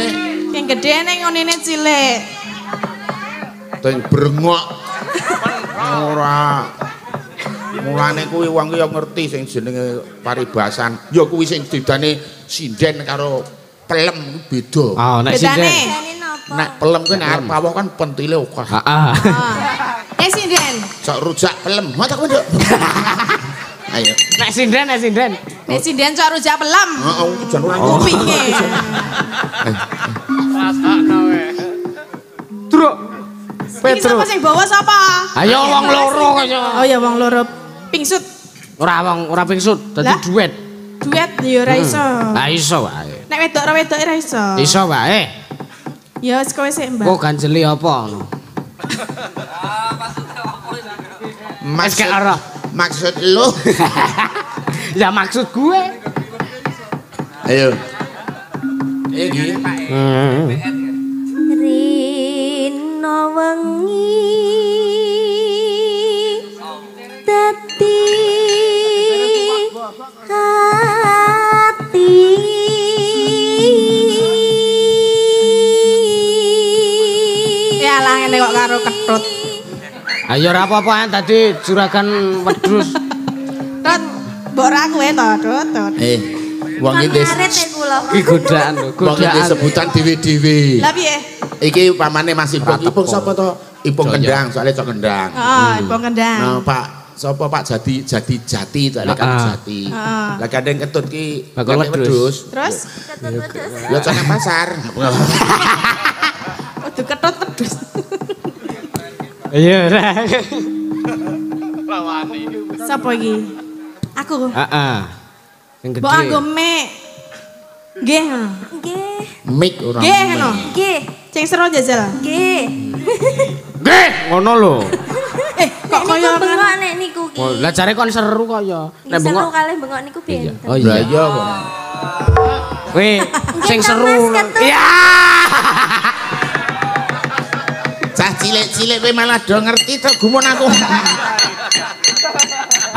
Sing gedhe ning ngene cilik. Sing brengok. Ora. Mulane kuwi wong ya ngerti sing jenenge paribasan. Ya kuwi sing didane sinden karo pelem beda. Oh, nek sinden. Nek pelem kuwi nek arep kan pentile akeh. Ah. Heeh. Eh sinden. Sok rujak pelem. Ngono kok, Nduk. Ayo. Nek sinden, nek sinden. Nek sinden sok rujak pelem. Heeh, jan ora kupinge. Eh. Rasakno we. Truk. Petro. Iki sapa sing bawa sapa? Ayo wong loro kaya. Oh ya wong loro. Pingsut. Ora wong, ora pingsut, dadi duet. Duet ya ora hmm. iso. Lah iso wae. Nek wedok ora wedok ora iso. Iso wae. Ya, wis kowe sik, Mbak. Kok ganjeli apa ngono? Mas gak ora. Maksud lu. ya maksud gue. Ayo. Ayo hmm. gini, Rino wengi kok karo ketut. Ayo ora apa-apa tadi juragan wedhus. Tot mbok ra kowe to, tot. Eh, wong iki wis iki godaan, godaan. Wong sebutan dhewe-dhewe. Lah piye? Iki pamane Mas Ipung. Ipung sapa to? Ipung Kendang, soalnya cok Kendang. Oh, hmm. Ipung Kendang. Nah, Pak sapa Pak jadi jadi jati to lek ah. jati. Ah. Lah uh. ketut ki bakal wedhus. Terus? Ya cok pasar. Iya. Lawan Lawani. Sopo iki? Aku. Heeh. Sing gede. Mbok anggo mic. Nggih. Nggih. Mic ora. Nggih ngono. Nggih. Sing seru jajal. Nggih. Nggih, ngono lho. Eh, kok kaya bengok nek niku iki. Oh, lah jare kon seru kaya. ya. Nek bengok. Seru kalih bengok niku biyen. Oh iya. Lah kok. Weh, sing seru. Ya. Cah cilik-cilik kowe malah do ngerti to gumun aku.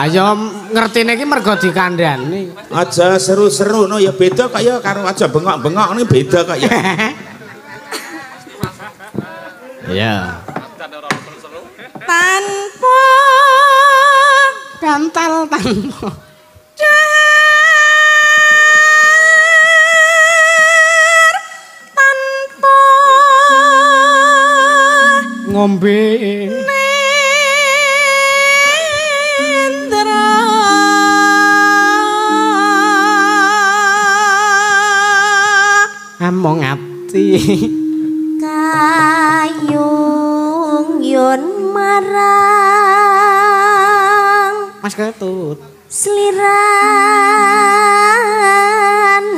Ayo ngertine iki mergo dikandhani. Aja seru-seru no ya beda kok ya karo aja bengok-bengok ini beda kok ya. Ya. Tanpa dantal tanpa. ngombe nendra among ati kayung yon marang mas ketut sliran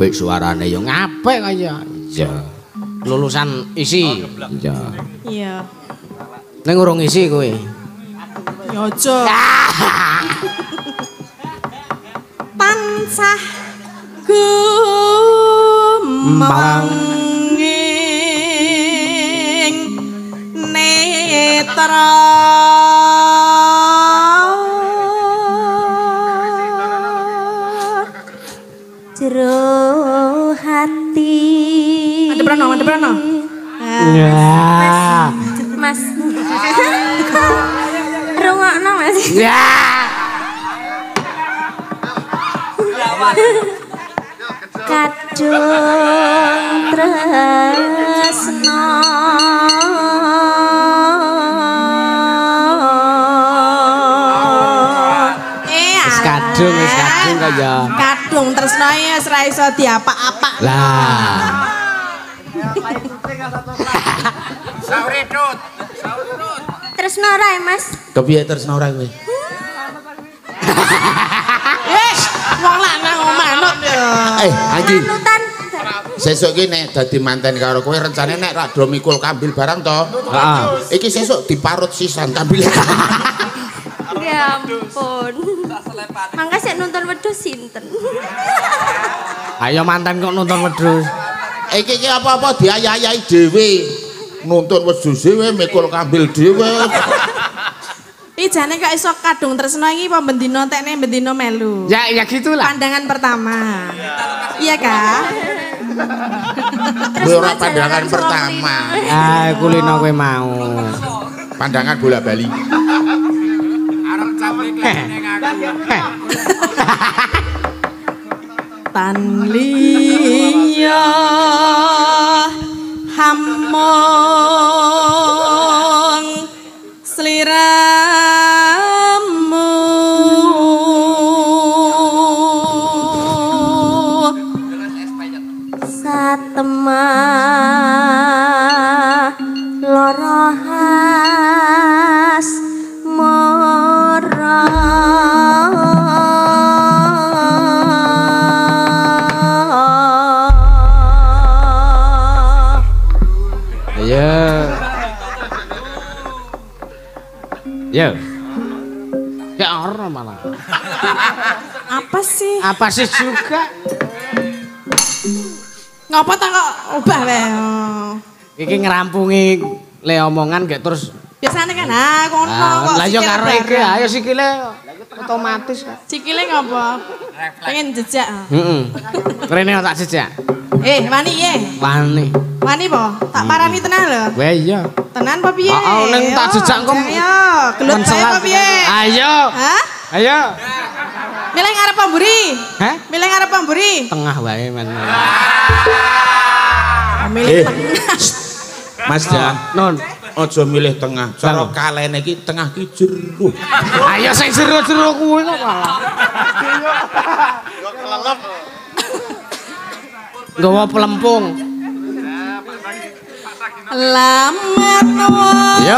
apik suarane ya ngapik kaya ya lulusan isi iya oh, iya ning urung isi kowe ya aja tansah gumang ning netra jero hati Mantep rono, mantep rono. Yeah. Mas. Rungokno Mas. Kadung tresno Eh, kadung, kadung kaya. wong tresnoe ya serai iso apa apa Lah. Saure tut. Tresno Mas? Kepiye tresno ora gue. Ya, eh, wong lanang manut ya. Eh, Haji. Sesuk ini nek dadi manten karo kowe rencane nek do mikul kambil barang to. Heeh. Iki sesuk diparut sisan kambil. ampun. Mangka sik nonton wedhus sinten. Ayo mantan kok nonton wedhus. Iki iki apa-apa diayahi dhewe. nonton wedhus dhewe mikul kambil dhewe. Ini jane kok iso kadung tresno iki apa bendino tekne bendino melu. Ya ya gitulah. Pandangan pertama. Iya kah? Gue orang pandangan pertama. Ah, kulino gue mau. Pandangan bola bali. Tan liya hamong sliramu satemah apa sih? Apa sih juga? Ngapa tak kok ubah le? Iki ngerampungi le omongan gak terus. Biasanya kan ah kono nah, kok. Lah yo karo iki ayo ah, sikile otomatis kok. Sikile ngapa? Pengen jejak. Heeh. Ah. Rene tak jejak. Eh, wani ye. Eh. Wani. Wani po? Tak parani tenan lho. Weh iya. Tenan po piye? Heeh, ah, ning tak jejak oh, kok. Ayo, gelut saya po piye? Ayo. Hah? ayo. Milih ngarep pemburi. Hah? Milih ngarep pemburi. Tengah wae men. Ah, milih eh, tengah. Mas Jan, non aja milih tengah. Cara kalene iki tengah ki jero. Ayo sing jero-jero kuwi kok malah. Yo kelelep. Gawa pelempung. Lamat wae.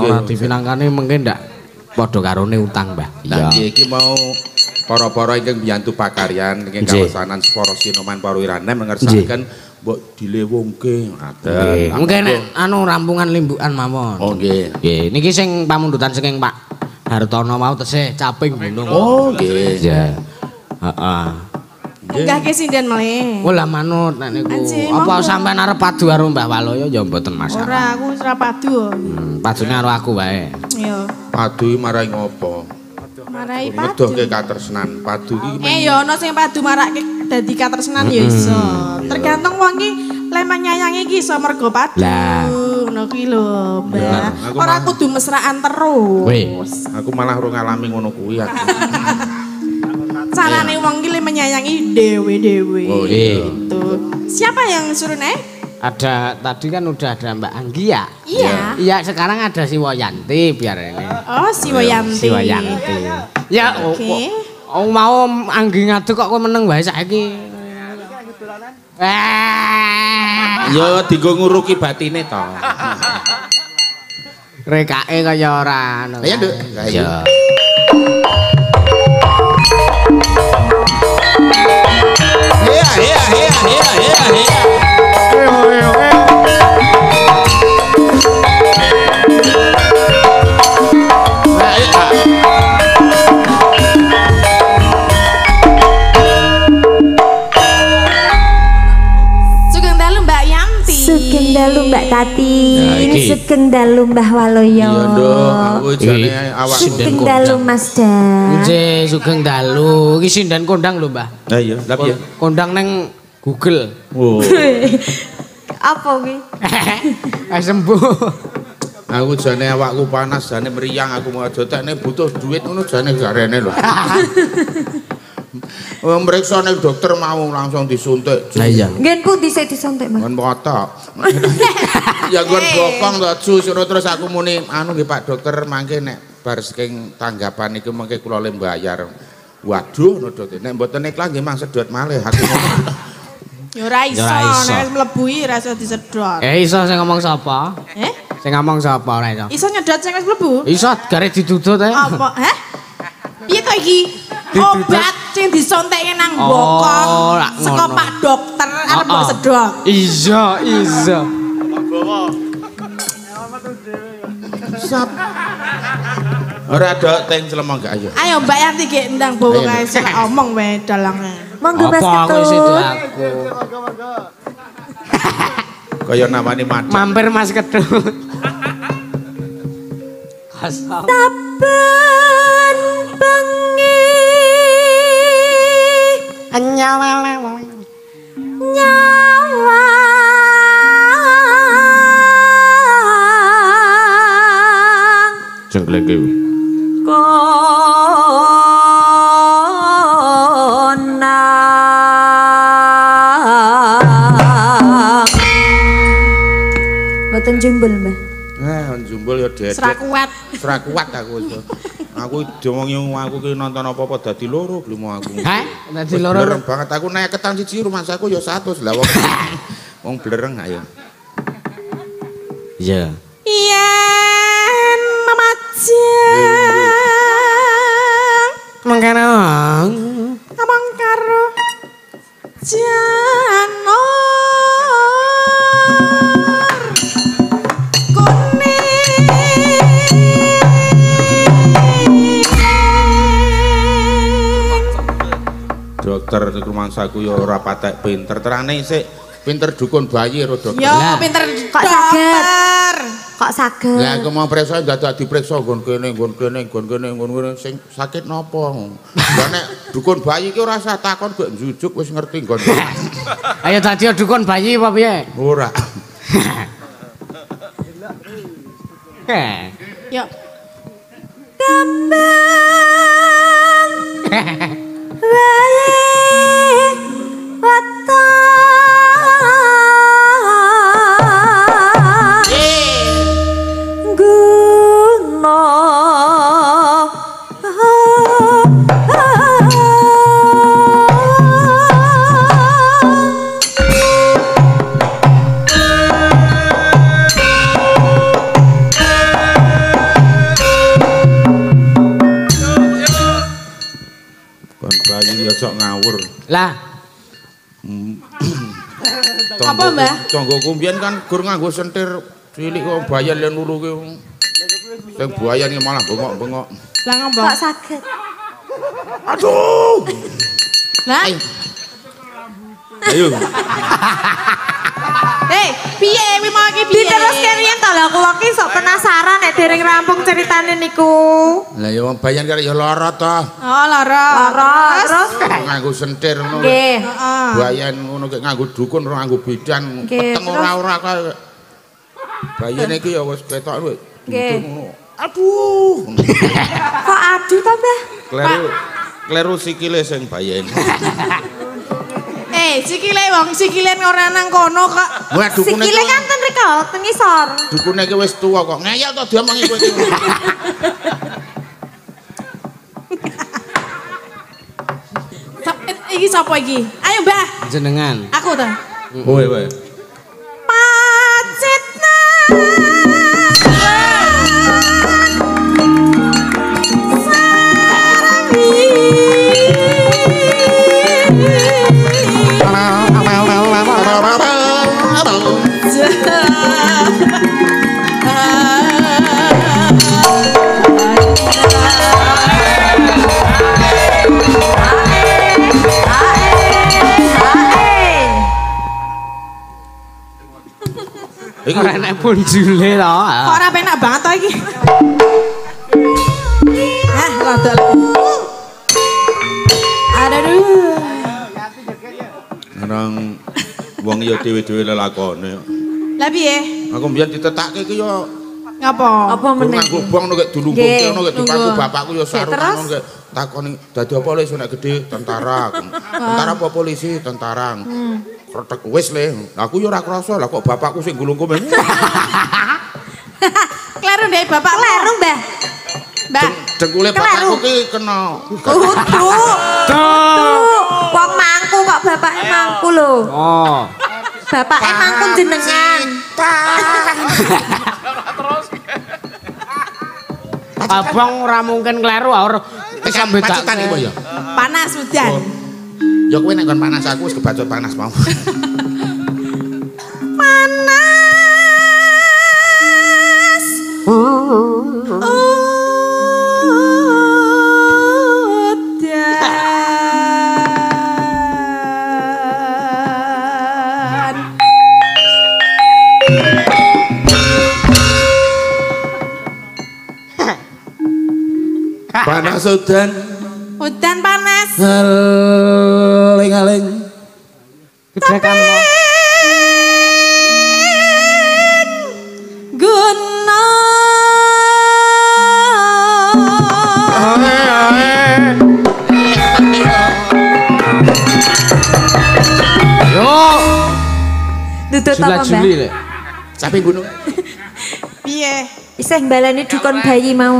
ora dipinangkane mengke ndak padha karone utang, Mbah. Lah iki iki mau para-para ingkang mbiyantu pakaryan ingkang kawasanan Sporo Sinoman Paruiranem ngersakaken mbok dilewongke ngaten. Mengke nek anu rampungan limbukan mawon. Oh nggih. Nggih, niki sing pamundutan saking Pak Hartono mau tesih caping gunung. Oh nggih. Heeh. Enggak ke sinden mele. Oh lah manut nek niku. Apa sampean arep padu karo Mbah Waloyo ya mboten masalah. Ora, aku wis padu. Hmm. padune karo aku wae. Iya. Padu marai ngopo? Marai padu. Ngedohke katresnan. Padu iki Eh ya ana sing padu marake dadi katresnan ya iso. Tergantung wong iki lemah nyayangi iki iso mergo padu. Ngono kuwi lho, Mbak. Ora kudu mesraan terus. Aku malah ora ngalami ngono kuwi aku. Carane wong iki ini dewe-dewe. Oh iya. Gitu. Siapa yang suruh naik? Ada tadi kan udah ada Mbak Anggia. Iya. Iya, sekarang ada si Wayanti biar ini. Oh, si Wayanti. Si Wayanti. Ya, oke. Oh, oh, mau Anggi ngaduk kok kok meneng bae saiki. Eh. Yo digo nguruki batine to. Rekake kaya ora. Ya, Dik. Ya. Sugeng dalu Mbah Waloyo. Iya, Nduk. Awak Sugeng dalu Mas Dan. Nggih, eh, sugeng dalu. Iki sinden kondang lho, Mbah. Ha iya, Kondang neng Google. Oh. Apa kuwi? Ah eh, sembuh. Aku jane awakku panas, jane meriang aku mau jotekne butuh duit ngono jane garene lho. Memeriksa nih dokter mau langsung disuntik. Nah iya. Gen pun bisa disuntik mas. Gen potok. ya gue bokong tuh cu terus aku muni anu nih pak dokter mangke nek baris keng tanggapan itu mangke kulo bayar. Waduh nudut nek buat nek lagi mang sedot malah hati. Ya ora nek mlebu rasa disedot. Eh iso saya ngomong siapa? Eh? saya ngomong siapa, ora iso? nyedot saya wis mlebu? Iso gare ditutut ya. Apa? Hah? Iya to iki? obat sing disontekne nang oh, boko saka Pak Dokter arep ah, ah. sedok. Iya, iya. Ora do teng celemong gak ayo. Ayo Mbak Yanti ge ndang bowo kae sing omong wae dalange. Monggo Mas Ketut. Kaya namane macet. Mampir Mas Ketut. Kasam. Tapen bengi nyawa Jumbul, Mbak. Nah, jumbul ya dedek. Serak kuat. Serak kuat aku aku diomongi wong aku ki nonton apa-apa dadi loro glimo aku. Hah? Dadi loro. Bereng banget aku naik ketan siji rumah ya 100 lah wong. Wong blereng ayo. Iya. Iya, mama Mengkana. Abang karo. Jang. pinter iku rumangsaku ya ora patek pinter terane sik pinter dukun bayi rada ya pinter kok saget? kok saget? lah aku mau preso enggak ada dipreso nggon kene nggon kene nggon kene nggon kene sing sakit napa lah nek dukun bayi iki ora usah takon gek jujuk wis ngerti nggon ayo dadi dukun bayi apa piye ora eh. yuk Kembang Wali Wata Lah. Hmm. Apa Mbah? Tonggo kumbien kan gur nganggo sentir cilik kok bayan yen nuruke. Sing buayan malah bengok-bengok. Lah ngombo. Kok saged. Aduh. Lah. Ayo. Ayo. Hei, eh, piye mi mau iki piye? Diterus kerien to lho, kula ki sok penasaran nek dereng rampung ceritane niku. Lah ya wong bayan karo ya lara to. Oh, lara. Lara. Terus nganggo sentir ngono. Heeh. Bayan ngono ki nganggo dukun ora nganggo bidan, peteng ora ora kok. Bayane iki ya wis ketok wis. Aduh. Kok aduh to, Mbah? Kleru. Kleru sikile sing bayane. Eh, sikile wong, sikile ora nang kono kok. Wah, dukune. Sikile kan ten rek kok, ten isor. Dukune iki wis tuwa kok. Ngeyel to diomongi kowe. Sampet iki sapa iki? Ayo, Mbah. Jenengan. Aku ta. Woi, woi. Pacit. pun jule lo. Ah. Kok ora penak banget to iki? Hah, rada lek. Ada du. Nang wong ya dhewe-dhewe lelakone. Lah piye? Aku mbiyen ditetakke iki ya Ngapa? Apa meneh? Nang bobong nek dulu kok dipaku bapakku ya sarung nek takoni dadi apa lek sono gede tentara. Tentara apa polisi? Tentara. Hmm. kretek wis le aku yo ora krasa lah kok bapakku sing gulung Kleru deh bapak kleru mbah Mbak dengkule bapakku ki kena kudu tuh kok mangku kok bapaknya mangku lho oh Bapak emang pun jenengan. Terus. Abang ora mungkin kleru aur. Kesambetan iki ya. Panas hujan. Oh. Ya kowe nek kon panas aku wis kebacut panas mau. panas. Panas udan. Udan panas. kaleng-kaleng. Gebrakan Dudut apa Juli lek. Sapi gunung. Piye? Isih balane dukun bayi mau.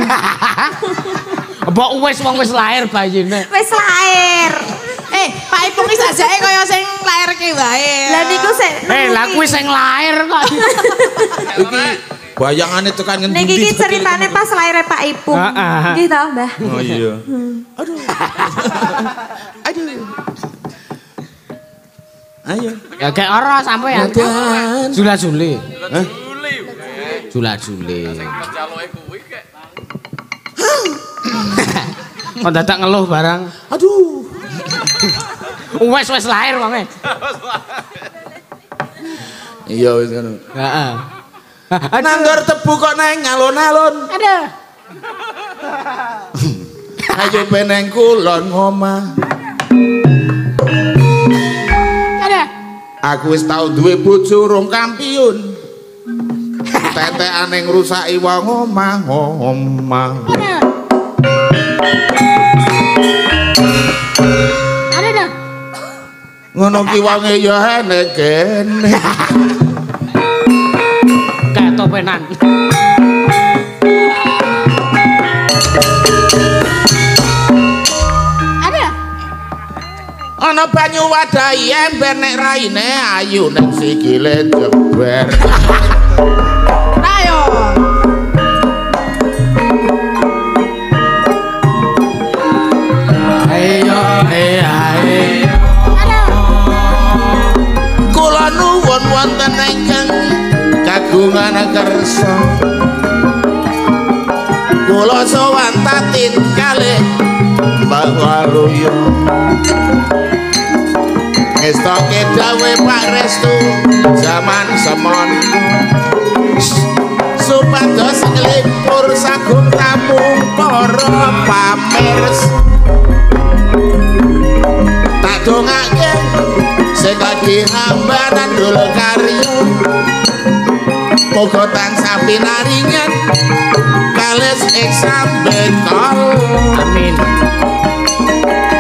Apa wis wong wis lahir bayine? Wis lahir. Kuwi sajake kaya sing ki wae. Lah niku sik. Eh, lah kuwi sing lair kok. Iki bayangane tekan ngendi. Niki iki ceritane pas laire Pak Ipung. Ah, ah, ah. Nggih to, Mbah? Oh iya. Hmm. Aduh. Aduh. Ayo. Ya kayak ora sampean. Jula Juli. Hah? Jula Juli. Kau datang ngeluh barang. Aduh. Wes wes lahir wong e. Iya wis ngono. Heeh. Nanggur tebu kok neng ngalon-alon. Ada. Ayo peneng kulon ngoma. Ada. Aku wis tau duwe bojo rong kampiun. Tete aneng rusak iwa ngoma ngoma. Ada. Thank ngono ki wonge ya ene kene kato penan ada ana banyu wadahi ember nek raine ayu nek sikile jeber Hey, ayo hey. nuwun wonten ingkang kagungan kersa kula sowan tatin kalih Mbah Waruyo Ngesto kedawe Pak Restu zaman semon Supados nglipur sagung tamu para pamirs Tak dongake sekati hambatan dulu karya pokotan sapi naringan kales eksam betol amin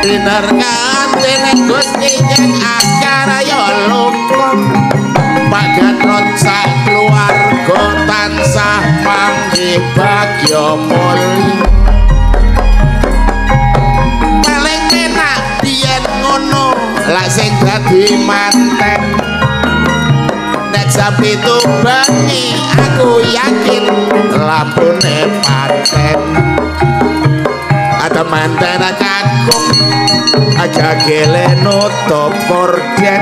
Dinar kantin gusti yang acara ya Pak Gatot sak keluar tansah panggih bagyo mulia duwi nek sampe aku yakin labune paten ada mantan aja gele nutup porden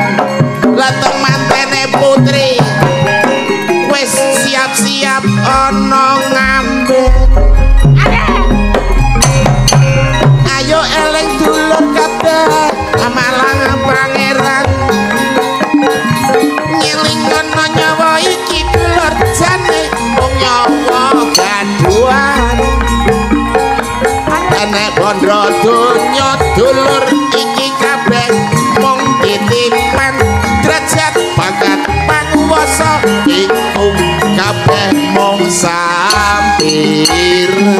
lan temantene putri wis siap-siap ana ngam sira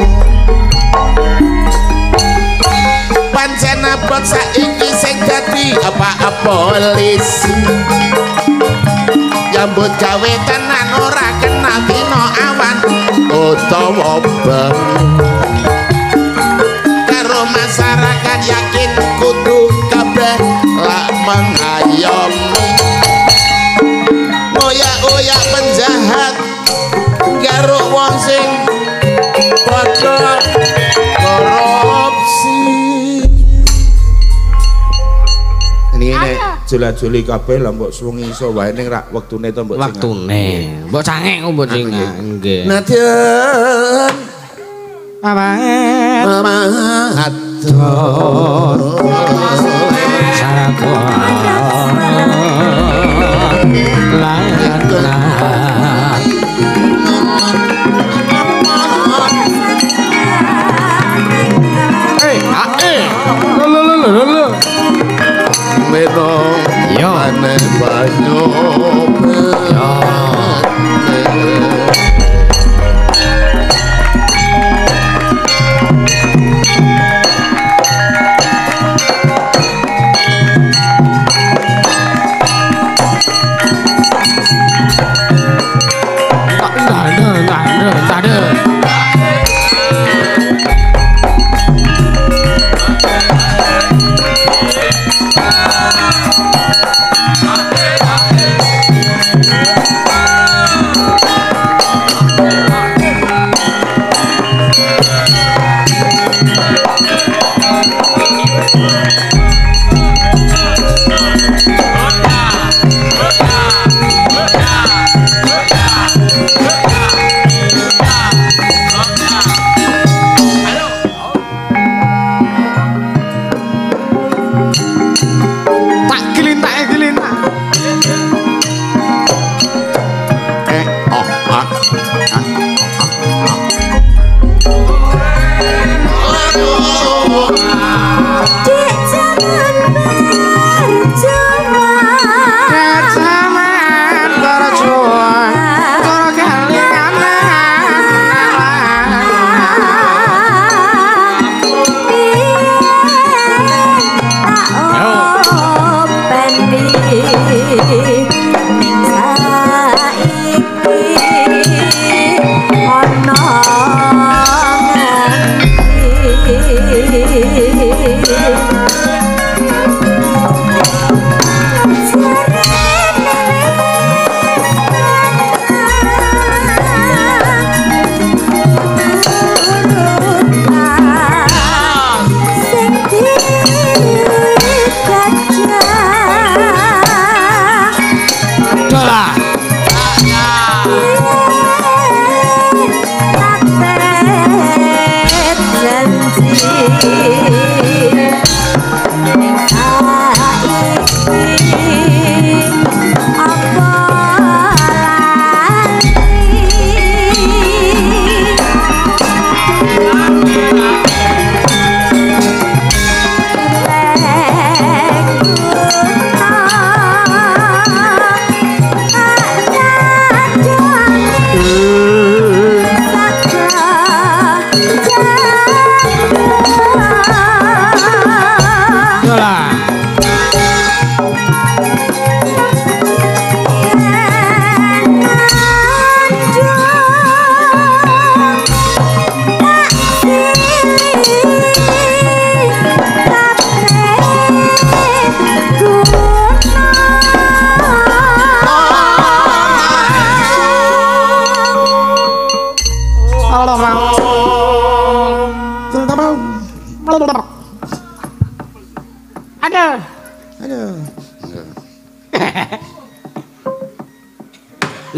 pancen abot saiki sing dadi apa polisi nyambut gawe tenan ora kena dina awan utawa bengi karo masyarakat yakin kudu kabeh lak mengayomi oya oya penjahat karo wong jelajuli kabeh lah mbok suwengi iso wae ning rak wektune to mbok sing wektune mbok cangeng mbok sing nggih nadyan apa mama hatur sarakon lan lan Yeah.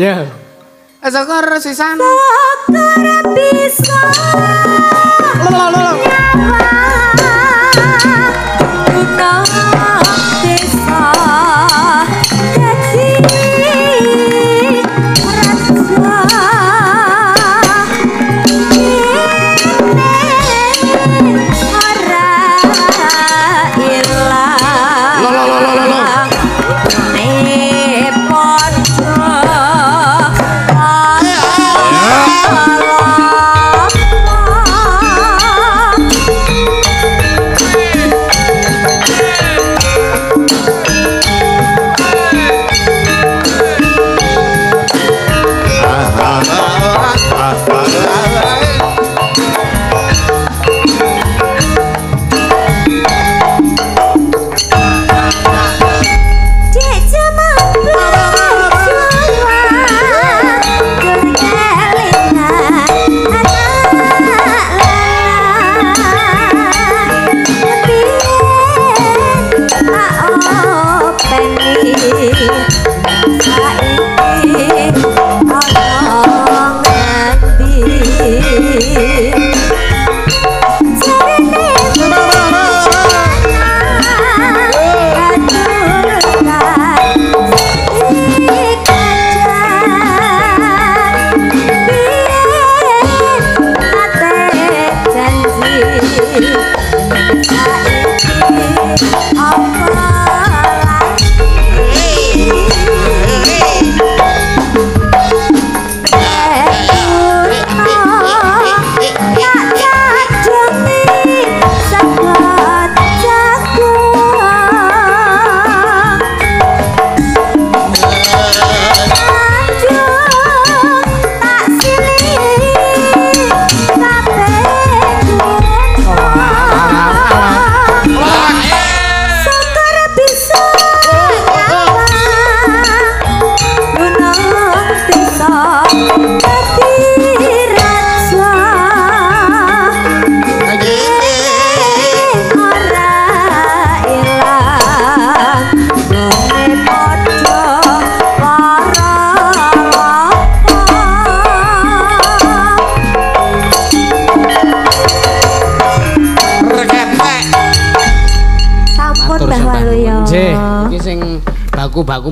Ya. Zakar sisan. Zakar bisa. Nyawa. Kau.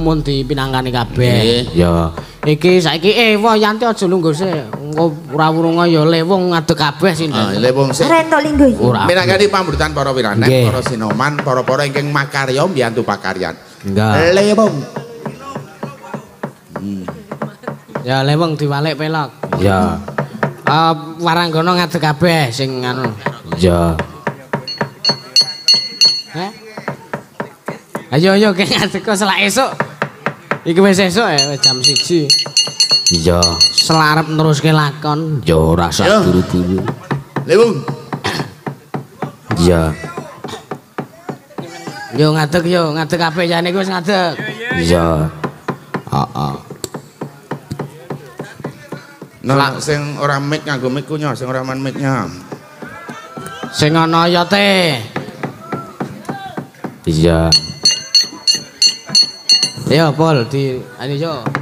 mun dipinangkani kabeh. Iya. Iki saiki eh wah yanti aja lungguh se. Engko ora wurunga ya lewung ngadeg kabeh sinten. Ah, lewung se. Rento lungguh. Pinangkani pamrutan para wiranek, para sinoman, para-para ingkang makarya mbiyantu pakaryan. Enggak. Lewung. Hmm. Ya lewung diwalek pelok. Iya. Eh uh, ah, waranggana ngadeg kabeh sing anu. Iya. Ayo ayo geng ateko selak esuk. Iki wis sesuk ya wis jam 1. Iya, selarep neruske lakon. Ya ora sak buru-buru. Le, Bung. Iya. Yo ngadeg yo, ngadeg kabeh ya niku wis ngadeg. Iya. Heeh. Nah, sing ora mic nganggo mic ku nyo, sing ora man mic nyo. Sing ana ya Iya. Ya Pol, di ini anu, yo.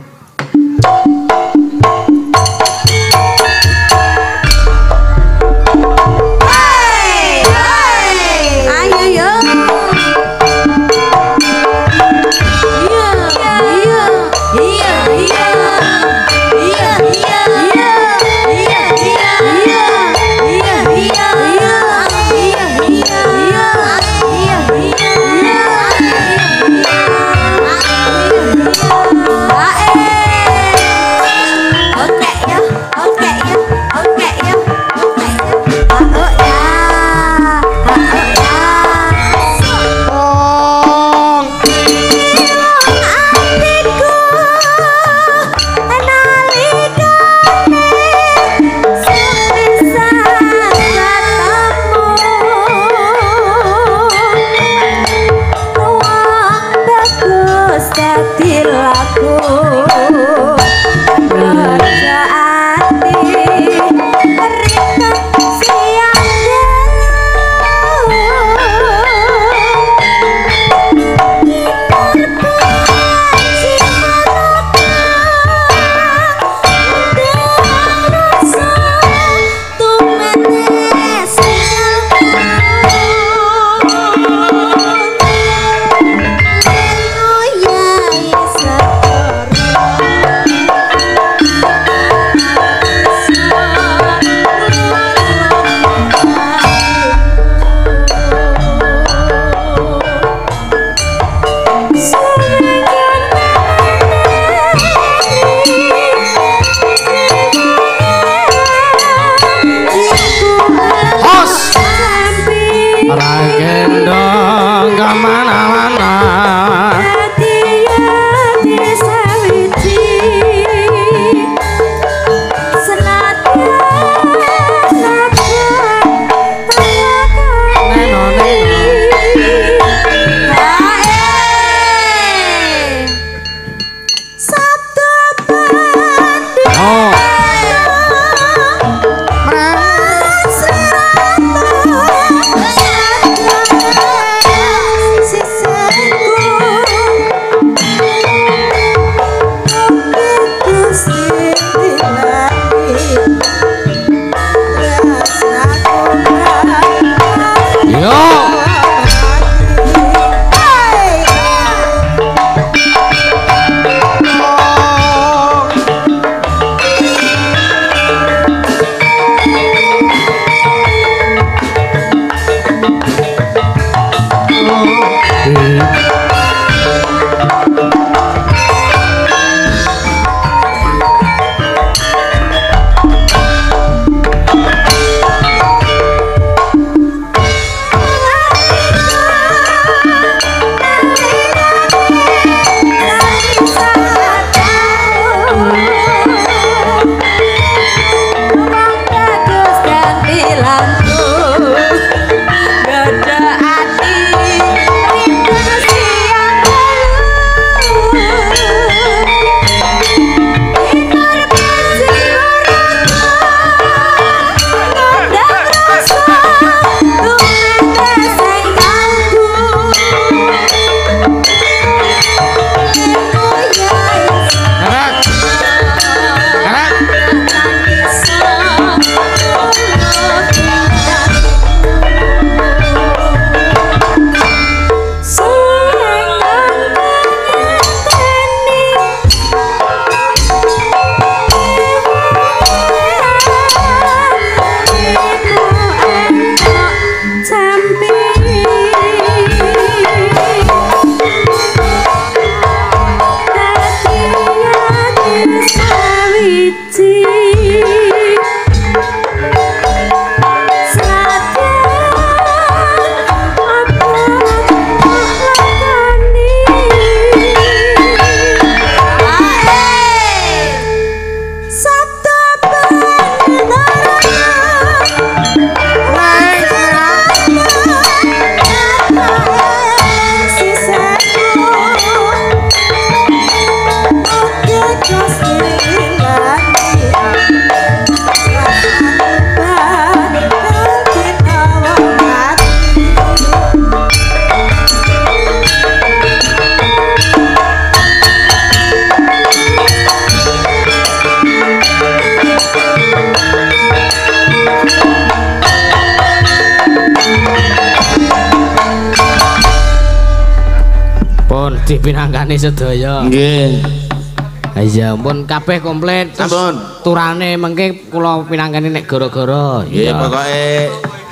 kabeh komplit. Sampun. Turane mengke kula pinanggani nek gara-gara. Nggih, pokoke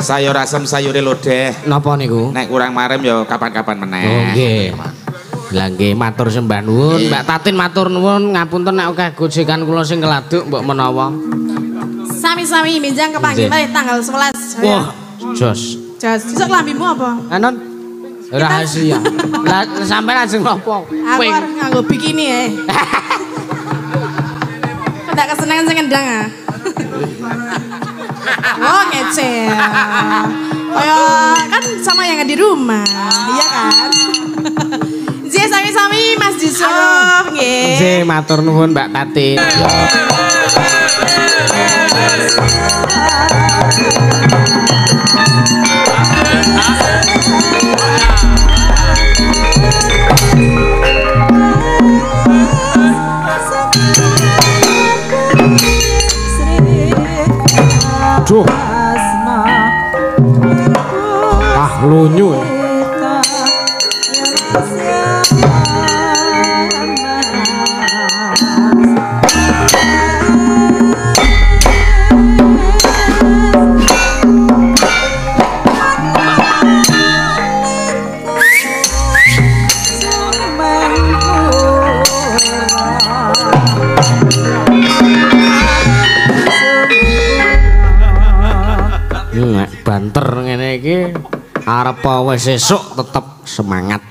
sayur asem sayure lodeh. Napa niku? Nek kurang marim ya kapan-kapan meneh. Oh, nggih. Lah nggih matur sembah nuwun. Mbak Tatin matur nuwun, ngapunten nek akeh gojekan kula sing keladuk mbok menawa. Sami-sami minjang kepanggih malih tanggal 11. Wah, jos. Jos. Sesuk lambimu apa? Anon. Rahasia. Lah sampean ajeng ngopo? Aku arep nganggo bikini eh. ae. Tak kesenangan sing ngendang ah. Oh ngeceh. oh kan sama yang di rumah, iya kan? Jih sami-sami Mas Yusuf nggih. Jih matur nuwun Mbak Tati. Ronyo arep apa sesuk tetep semangat.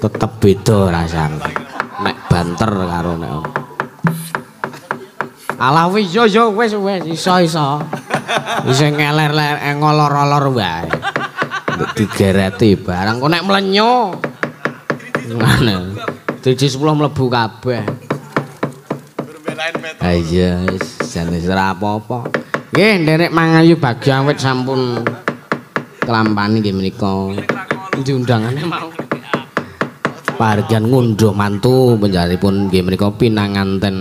Tetep beda rasane. Nek banter karo nek. Alah wis yo yo wis wis iso iso. Wis ngeler-ler eh, ngolor-olor wae. Nek barang kok nek mlenyo. Ngene. Diji 10 mlebu kabeh. Ayo, jenis apa Nggih, Nek mangayu bagi awet sampun. kelampani nggih menika. Diundangane mau. Parjan ngunduh mantu panjenenganipun nggih menika pinanganten.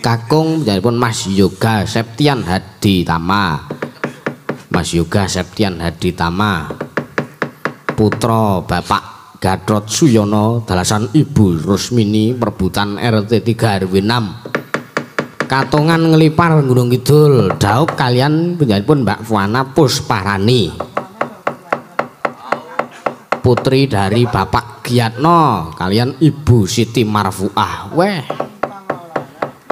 Kakung panjenenganipun Mas Yoga Septian Hadi Tama. Mas Yoga Septian Hadi Tama. Putra Bapak Gatot Suyono dalasan Ibu Rusmini perbutan RT 3 RW 6. katongan ngelipar gunung kidul daup kalian penjahit pun mbak Fuana Pusparani putri dari bapak Giatno kalian ibu Siti Marfuah weh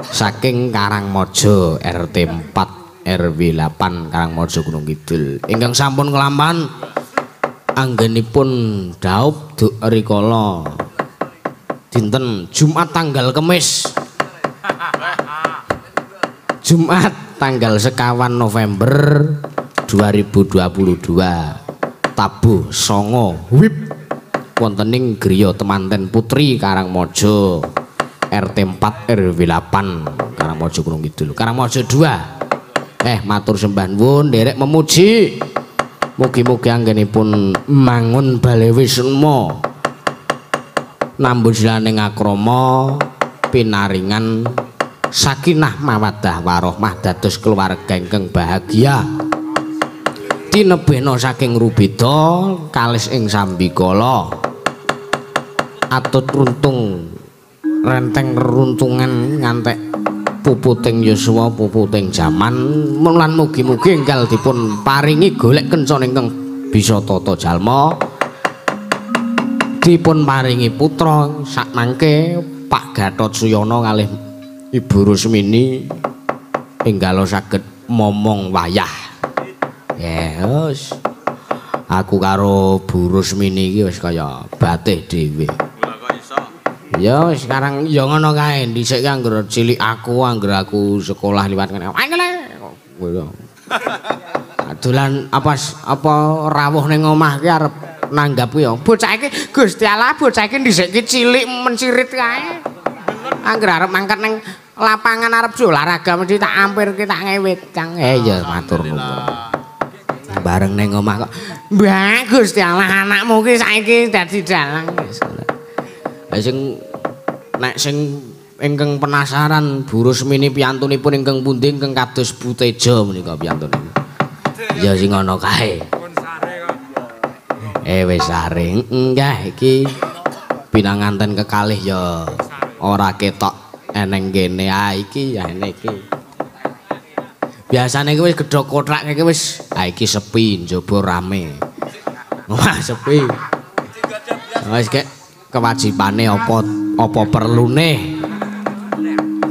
saking Karang Mojo RT 4 RW 8 Karang Mojo Gunung Kidul ingkang sampun kelaman anggenipun daup duk rikolo dinten Jumat tanggal kemis Jumat tanggal sekawan November 2022 Tabu Songo Wip Wontening Griyo Temanten Putri Karangmojo RT 4 RW 8 Karangmojo Gunung Kidul Karangmojo 2 Eh matur sembah nuwun derek memuji Mugi-mugi anggenipun mangun bale wisma Nambun jalaning akrama pinaringan sakinah mawaddah warohmah dados keluarga ingkang bahagia tinebeno saking rubeda kalis ing sambikala atut runtung renteng runtungan ngantek puputing yuswa puputing jaman mulan mugi-mugi enggal dipun paringi golek kencan ingkang bisa tata jalma dipun paringi putra sak nangke Pak Gatot Suyono kalih Ibu Rusmini enggalo saged momong wayah. Ya wis. Aku karo Bu Rusmini iki wis kaya batih dhewe. Ya sekarang ya ngono kae dhisik ki anggere cilik aku anggere aku sekolah liwat kene. Angel. Adulan apa apa rawuh ning omah ki arep nanggap ya. Bocah iki Gusti Allah bocah iki dhisik ki cilik mensirit kae. Angger arep mangkat ning lapangan arep olahraga mesti tak ampir tak ngewit, Eh ya matur nuwun. Bareng ning omah kok. Bagus ya lah anakmu ki saiki dadi dalang. Lah sing nek sing ingkang penasaran burus mini piantunipun ingkang pundi ingkang kados butejo menika piantun. Ya sing ana kae. Eh wis sare. Nggih iki pinanganten kekalih ya. Yo. ora ketok eneng kene ha ah, iki ya ene iki biasane kuwi wis gedhok kotak iki wis ha ah, iki sepi njaba rame wah sepi wis kek kewajibane apa apa perlune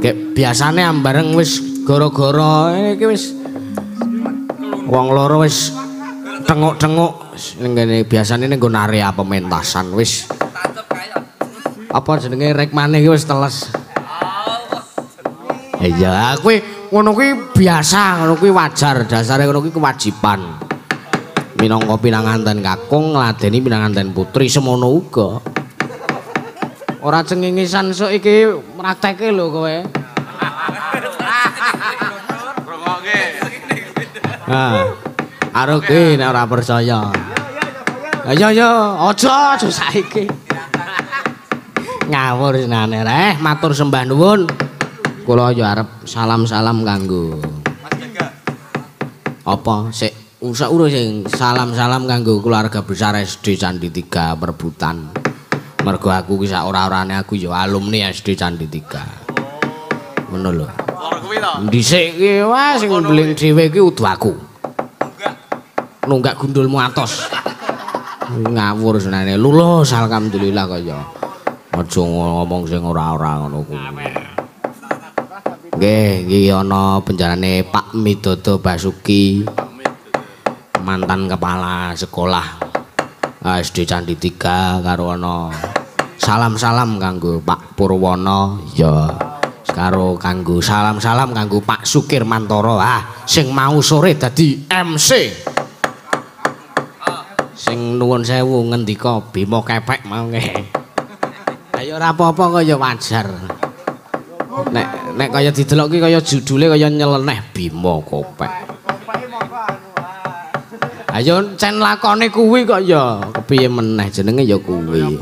kek biasane ambareng wis gara-gara eh, iki wis wong loro wis tenguk-tenguk ning kene biasane ning nggon area pementasan wis apa jenenge rek maneh wis teles. Iya, kuwi ngono kuwi biasa, ngono kuwi wajar, dasare ngono kuwi kewajiban. Minangka pinanganten kakung ngladeni pinanganten putri semono uga. Ora cengengisan sok iki praktekke lho kowe. Rongoke. Ha. Arek iki nek ora percaya. Ya ya ya. Ya ya aja saiki. ngawur senane eh matur sembah nuwun kula yo arep salam-salam kanggo apa sik usah urus sing salam-salam kanggo keluarga besar SD Candi 3 Perbutan mergo aku ki sak ora-orane aku yo alumni SD Candi 3 ngono lho dhisik ki wah sing mbling dhewe ki udu aku nunggak gundulmu atos ngawur senane lulus alhamdulillah kok yo Aja ngomong sing ora-ora ngono kuwi. Nggih, iki ana penjarane Pak Midodo Basuki. Mantan kepala sekolah eh, SD Candi 3 karo ana salam-salam kanggo Pak Purwono ya karo kanggo salam-salam kanggo Pak Sukir Mantoro ah sing mau sore dadi MC sing nuwun sewu ngendika Bima kepek mau nggih ora apa-apa kaya wajar. Nek nek kaya didelok ki kaya judule kaya nyeleneh Bima Kopek. Ayo cen lakone kuwi kok ya kepiye meneh jenenge ya kuwi.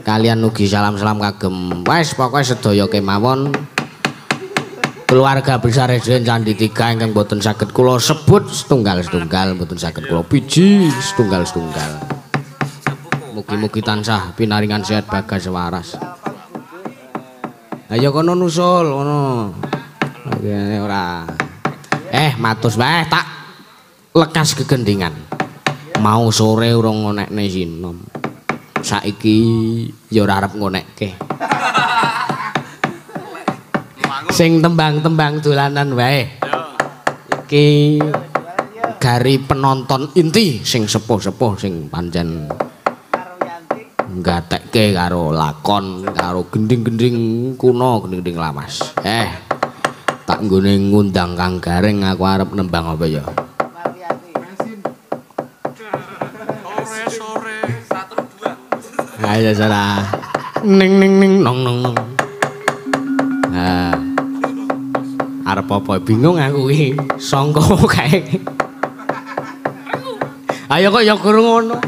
Kalian ugi salam-salam kagem. Wes pokoke sedaya kemawon keluarga besar Resden Candi Tiga yang boten sakit kulo sebut setunggal setunggal boten sakit kulo piji setunggal. setunggal. mugi-mugi tansah pinaringan sehat bagas waras. Ayo kono nusul kono. Oke ora. Eh matus bae tak lekas kegendingan. Mau sore urung ngonekne sinom. Saiki ya ora arep ngonekke. Sing tembang-tembang dolanan wae. Iki dari penonton inti sing sepuh-sepuh sing panjen nggatekke karo lakon karo gending-gending kuno gending-gending lamas eh tak nggone ngundang Kang Gareng aku arep nembang apa ya Ayo sana Neng neng neng nong nong nong Nah Arep apa bingung aku ini Songko kayak Ayo kok ya kurung ngono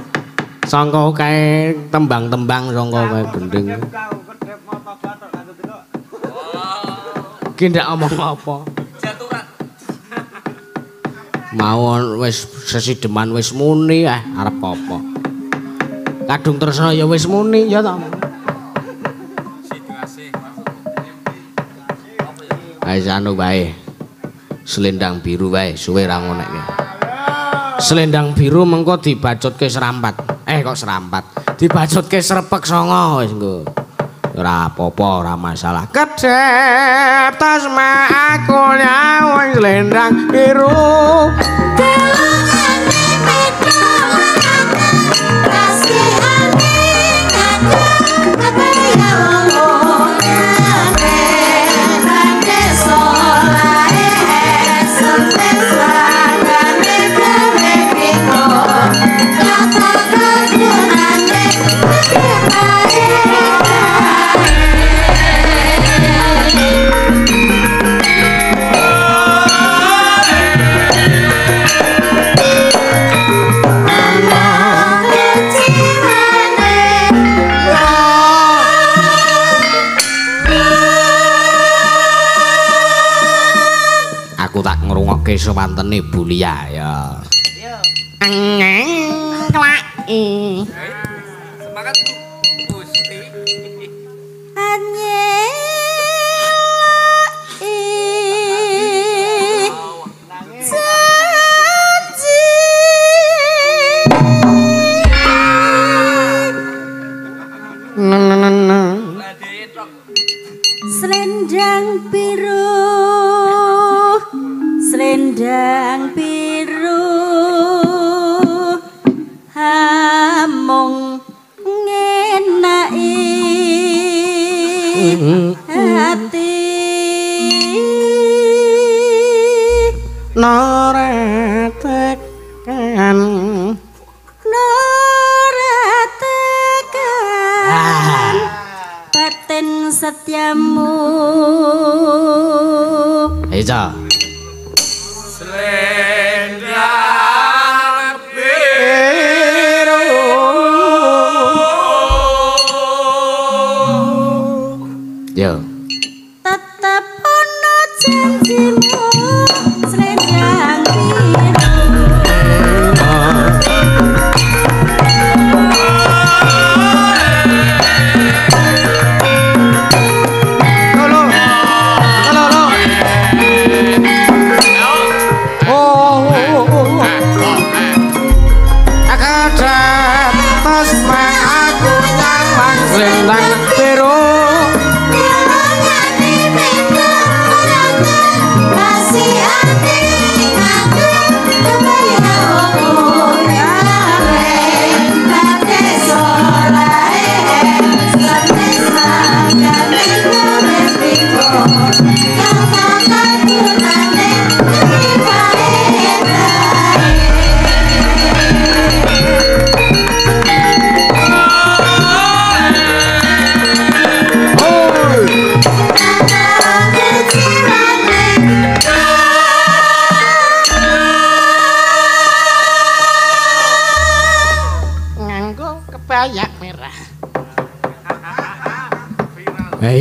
sangka kae tembang-tembang sangka kae gendeng. Ki ndak omong apa. Jatuh, Mawon wis sesi deman wis muni eh arep apa. Kadung tresna ya wis muni ya to. Ayo anu bae. Selendang biru wae suwe ra ngonekne. Selendang biru mengko dibacutke serampat. kok serampat. Dibacutke srepek songo wis nggo. Ora apa-apa, ora masalah. Kedep tas aku nyawang selendang biru. Kelangan aku tak ngrungokke sewantene Bulia ya. Yo. Kwa.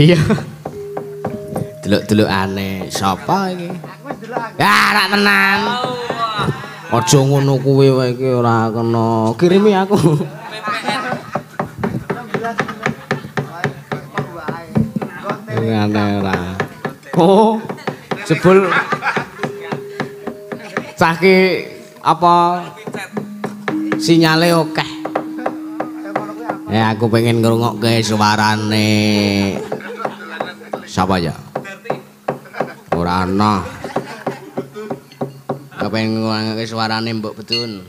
Iya. delok aneh sapa iki? Ya ah, ra tenan. Aja ngono kuwe wae iki ora kena. Kirimi aku. aneh ora. Oh. Jebul cah ki apa sinyale okeh Okay. Eh, aku pengen ngrungokke suarane. Okay. apa ya? Ora ana. Kepeng ngangge suarane mbok betun.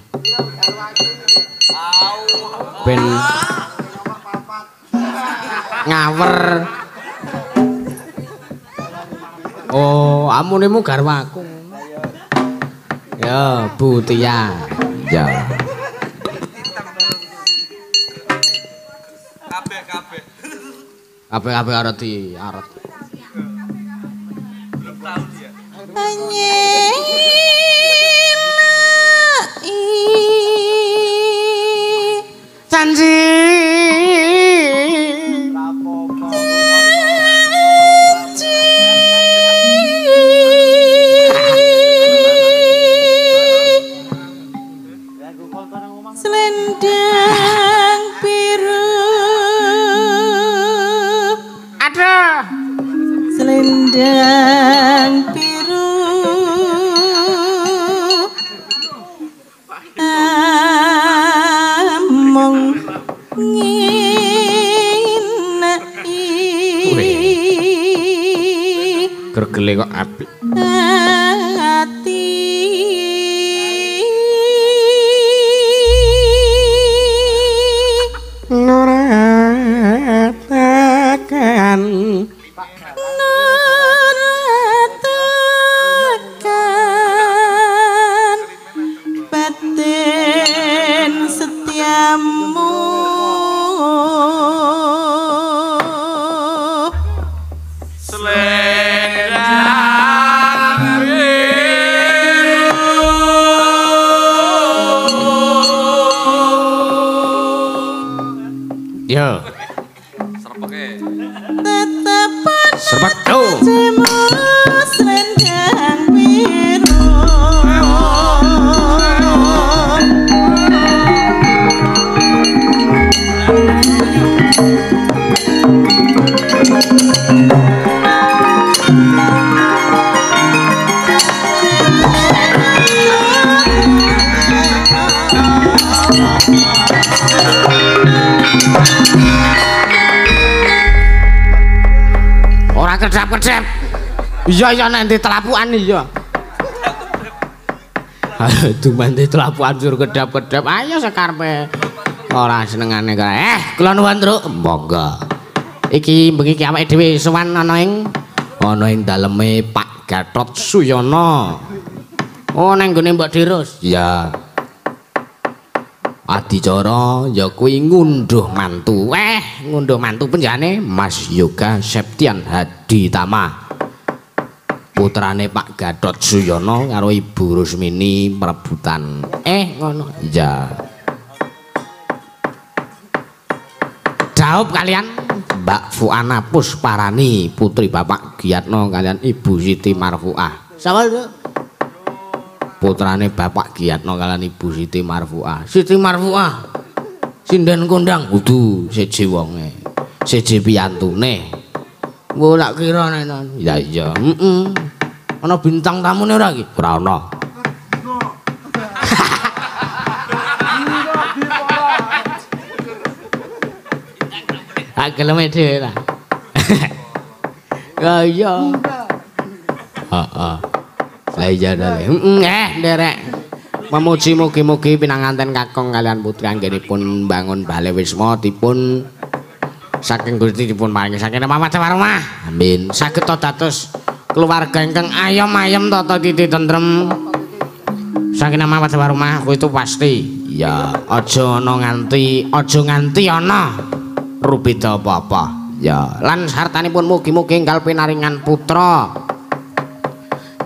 Ben ngawer. Oh, amunimu garwaku. Ya, Butia. Ya. Kabeh-kabeh. Kabeh-kabeh arep di arep. iya iya nanti telapuan iya itu nanti telapuan suruh kedap kedap ayo sekarpe orang senengane kaya eh kelonuan truk monggo iki bengi kiamat edwi suwan anoing anoing daleme pak gatot suyono oh neng gini mbak dirus ya Adi Joro, ya kuwi ngunduh mantu. Eh, ngunduh mantu penjane Mas Yoga Septian Hadi Tama. putrane Pak Gadot Suyono karo Ibu Rusmini perebutan. Eh ngono. Iya. Jawab kalian Mbak Fuana Pusparani putri Bapak Giatno kalian Ibu Siti Marfuah. Sama itu. Putrane Bapak Giatno kalian Ibu Siti Marfuah. Siti Marfuah. Sinden kondang kudu siji wonge. Siji piantune. Gue kira nih, Iya, iya. Mm ana bintang tamune ora iki? Ora ana. Agleme dhewe ta. Ya iya. Heeh. Saya jare, nderek. Memuji mugi-mugi pinanganten kakong. kalian putri anggenipun bangun bale wisma dipun saking Gusti dipun maringi saking Mamat Warma. Amin. Saged to keluarga ingkang ayam ayam tata titi tentrem saking nama pada rumah aku itu pasti ya ojo no nganti ojo nganti ono rubi do apa ya lan sartani pun mugi mugi ngal pinaringan putra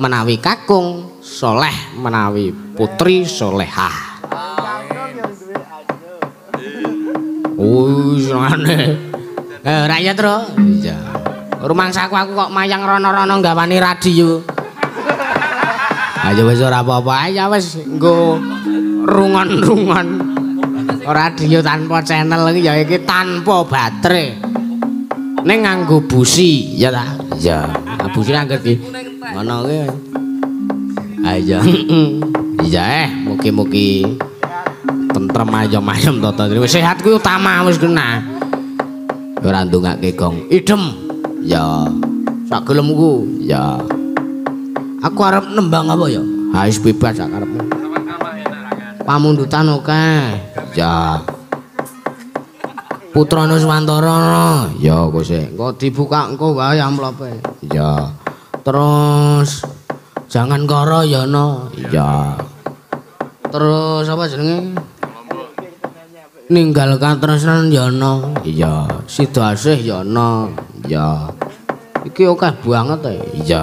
menawi kakung soleh menawi putri solehah Wuh, sana. Eh, rakyat, bro. Iya. rumah saku aku kok mayang rono-rono nggak wani radio ayo wes ora apa-apa ayo wes nggo rungon-rungon radio tanpa channel iki ya iki tanpa baterai ning nganggo busi ya ta Iya, ah, busi angger di ngono ki ayo ah, iya eh mugi-mugi tentrem ayo-ayo to sehat ku utama wis kena ora ndongake gong idem Ya. Tak gelem ku. Ya. Aku arep nembang apa ya? Ha wis bebas sak karepmu. Pamundutan oke. Ya. Putra Nuswantara no. Ya kok sik. Engko dibuka engko wae amplope. Ya. Terus jangan karo ya no. Ya. Terus apa jenenge? Ninggal katresnan ya no. Iya. Sidasih ya no. Ya. iki oke banget ya iya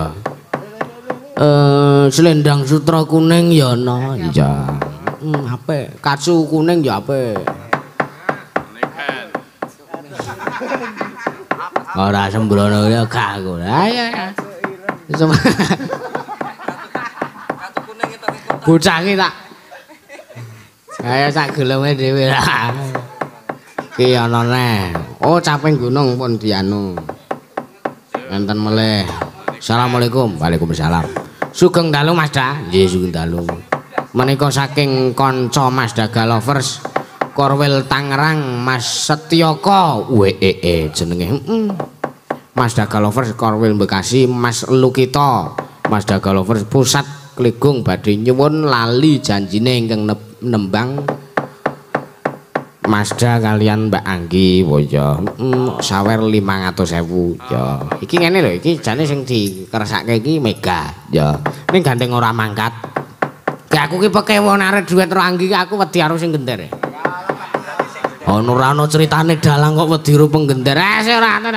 eh selendang sutra kuning ya no iya hmm, apa kacu kuning ya apa ora sembrono ya gak aku ayo ah, bocah iki tak saya sak geleme dhewe ki ana neh oh caping gunung pun dianu enten meleh assalamualaikum waalaikumsalam sugeng dalu mas da iya sugeng dalu menikah saking konco mas daga lovers korwil tangerang mas setioko wee eh, eh, jenenge mas daga lovers korwil bekasi mas lukito mas daga lovers pusat kligung badi nyewon lali janjine ingkang nembang Masda kalian Mbak Anggi wojo mm, sawer 500 ewu yo iki ngene lho iki jane sing dikeresake iki mega yo ning ganteng ora mangkat ya aku ki pekewo narek duit ro Anggi aku wedi harus sing gender e ono ora ono critane dalang kok wedi ro penggender eh sing ora ana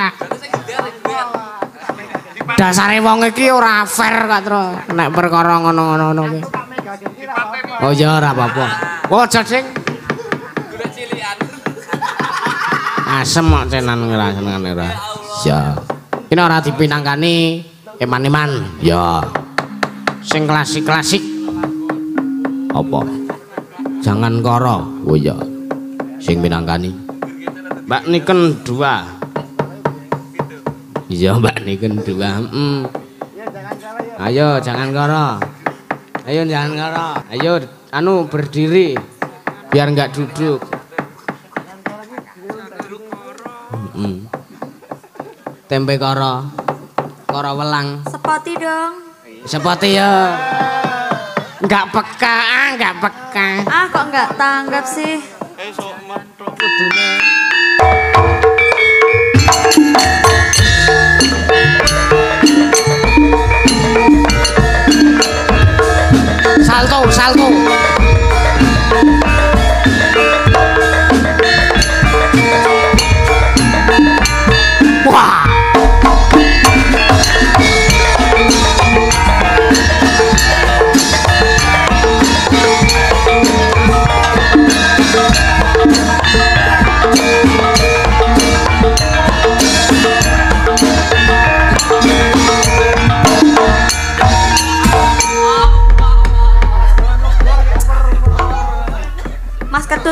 dasare wong iki ora fair kok tro nek perkara ngono-ngono oh ya ora apa-apa oh jadeng asem kok cenan ora ora. Ya. Ini ora dipinangkani eman-eman. Ya. Sing klasik-klasik. Apa? Jangan koro. Oh ya. Sing pinangkani. Mbak Niken dua. Iya Mbak Niken dua. Mm. Ayo jangan koro. Ayo jangan koro. Ayo anu berdiri biar nggak duduk. tempe koro koro welang sepati dong sepati ya enggak peka ah enggak peka ah kok enggak tanggap sih salto salto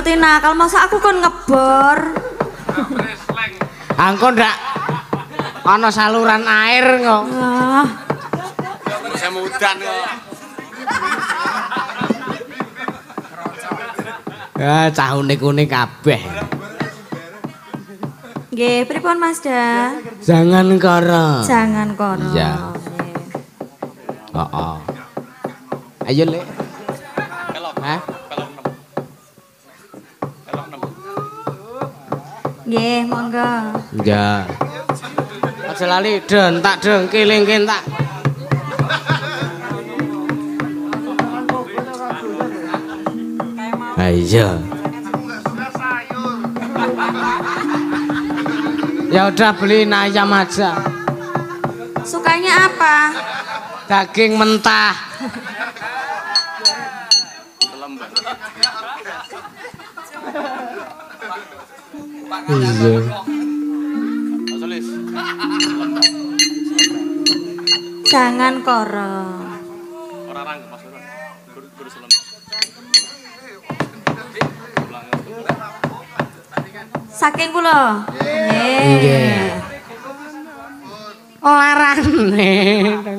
Betina, kalau masa aku kan ngebor. Angkon ndak ana saluran air kok. Saya mudan kok. Ya cah unik-unik kabeh. Nggih, pripun Mas Da? Jangan karo. Jangan karo. Iya. Heeh. Ayo, Lek. Nggih, monggo. Enggak. Aja lali den tak deng kelingkin tak. Ha iya. Ya udah beli ayam aja. Sukanya apa? Daging mentah. Iya. Jangan koro. Saking kula. Nggih. Yeah.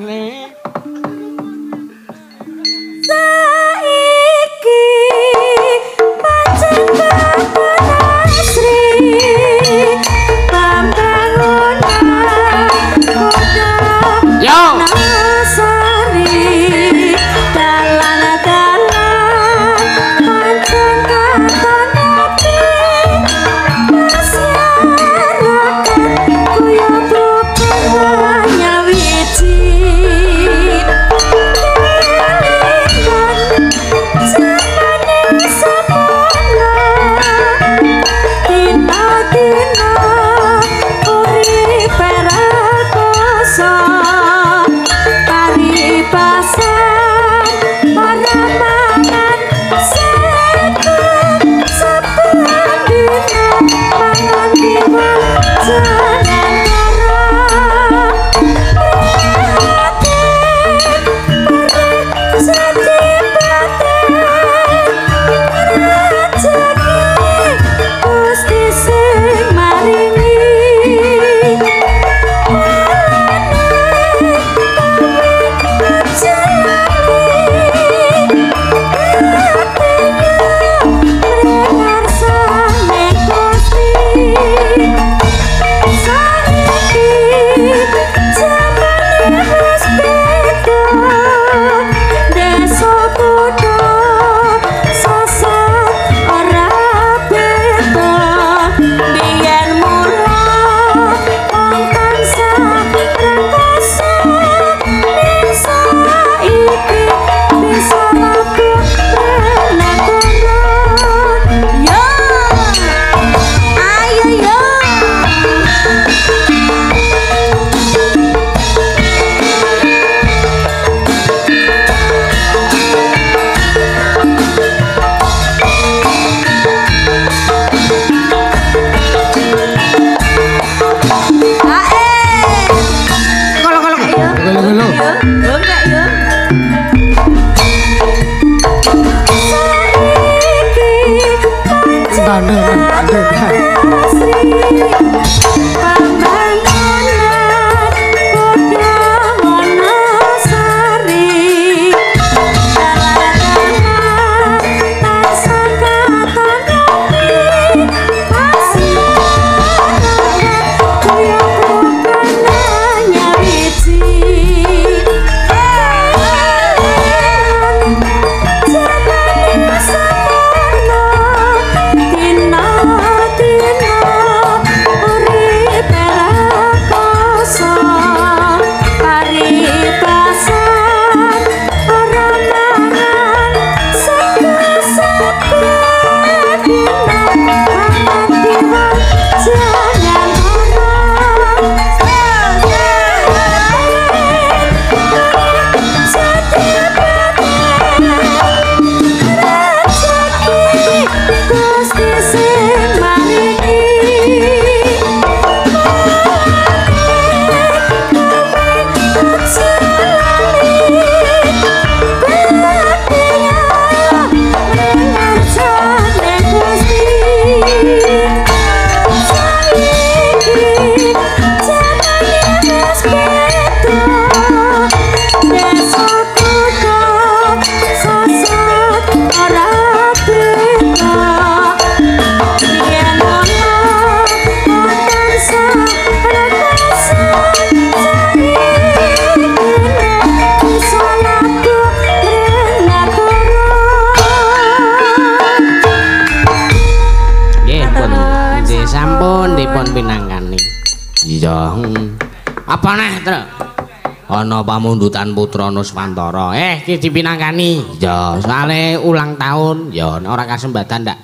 apa mundutan putrana Swantara. Eh, iki dipinangkani. Ya, soalé ulang tahun. Ya, ora kasembatan ndak.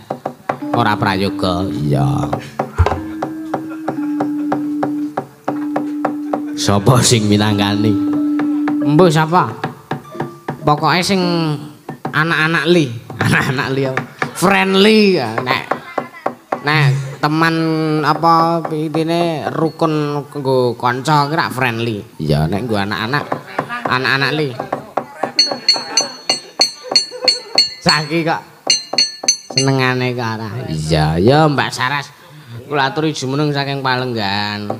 Ora prayoga. Iya. Sapa sing minangkani? Mbok sapa? Pokoke sing anak-anak li, anak-anak li friendly nek nek teman apa intine rukun nggo kanca kira friendly. Ya nek nggo anak-anak anak-anak li saki kok senengane karo iya ya Mbak Saras kula aturi jumeneng saking Palenggan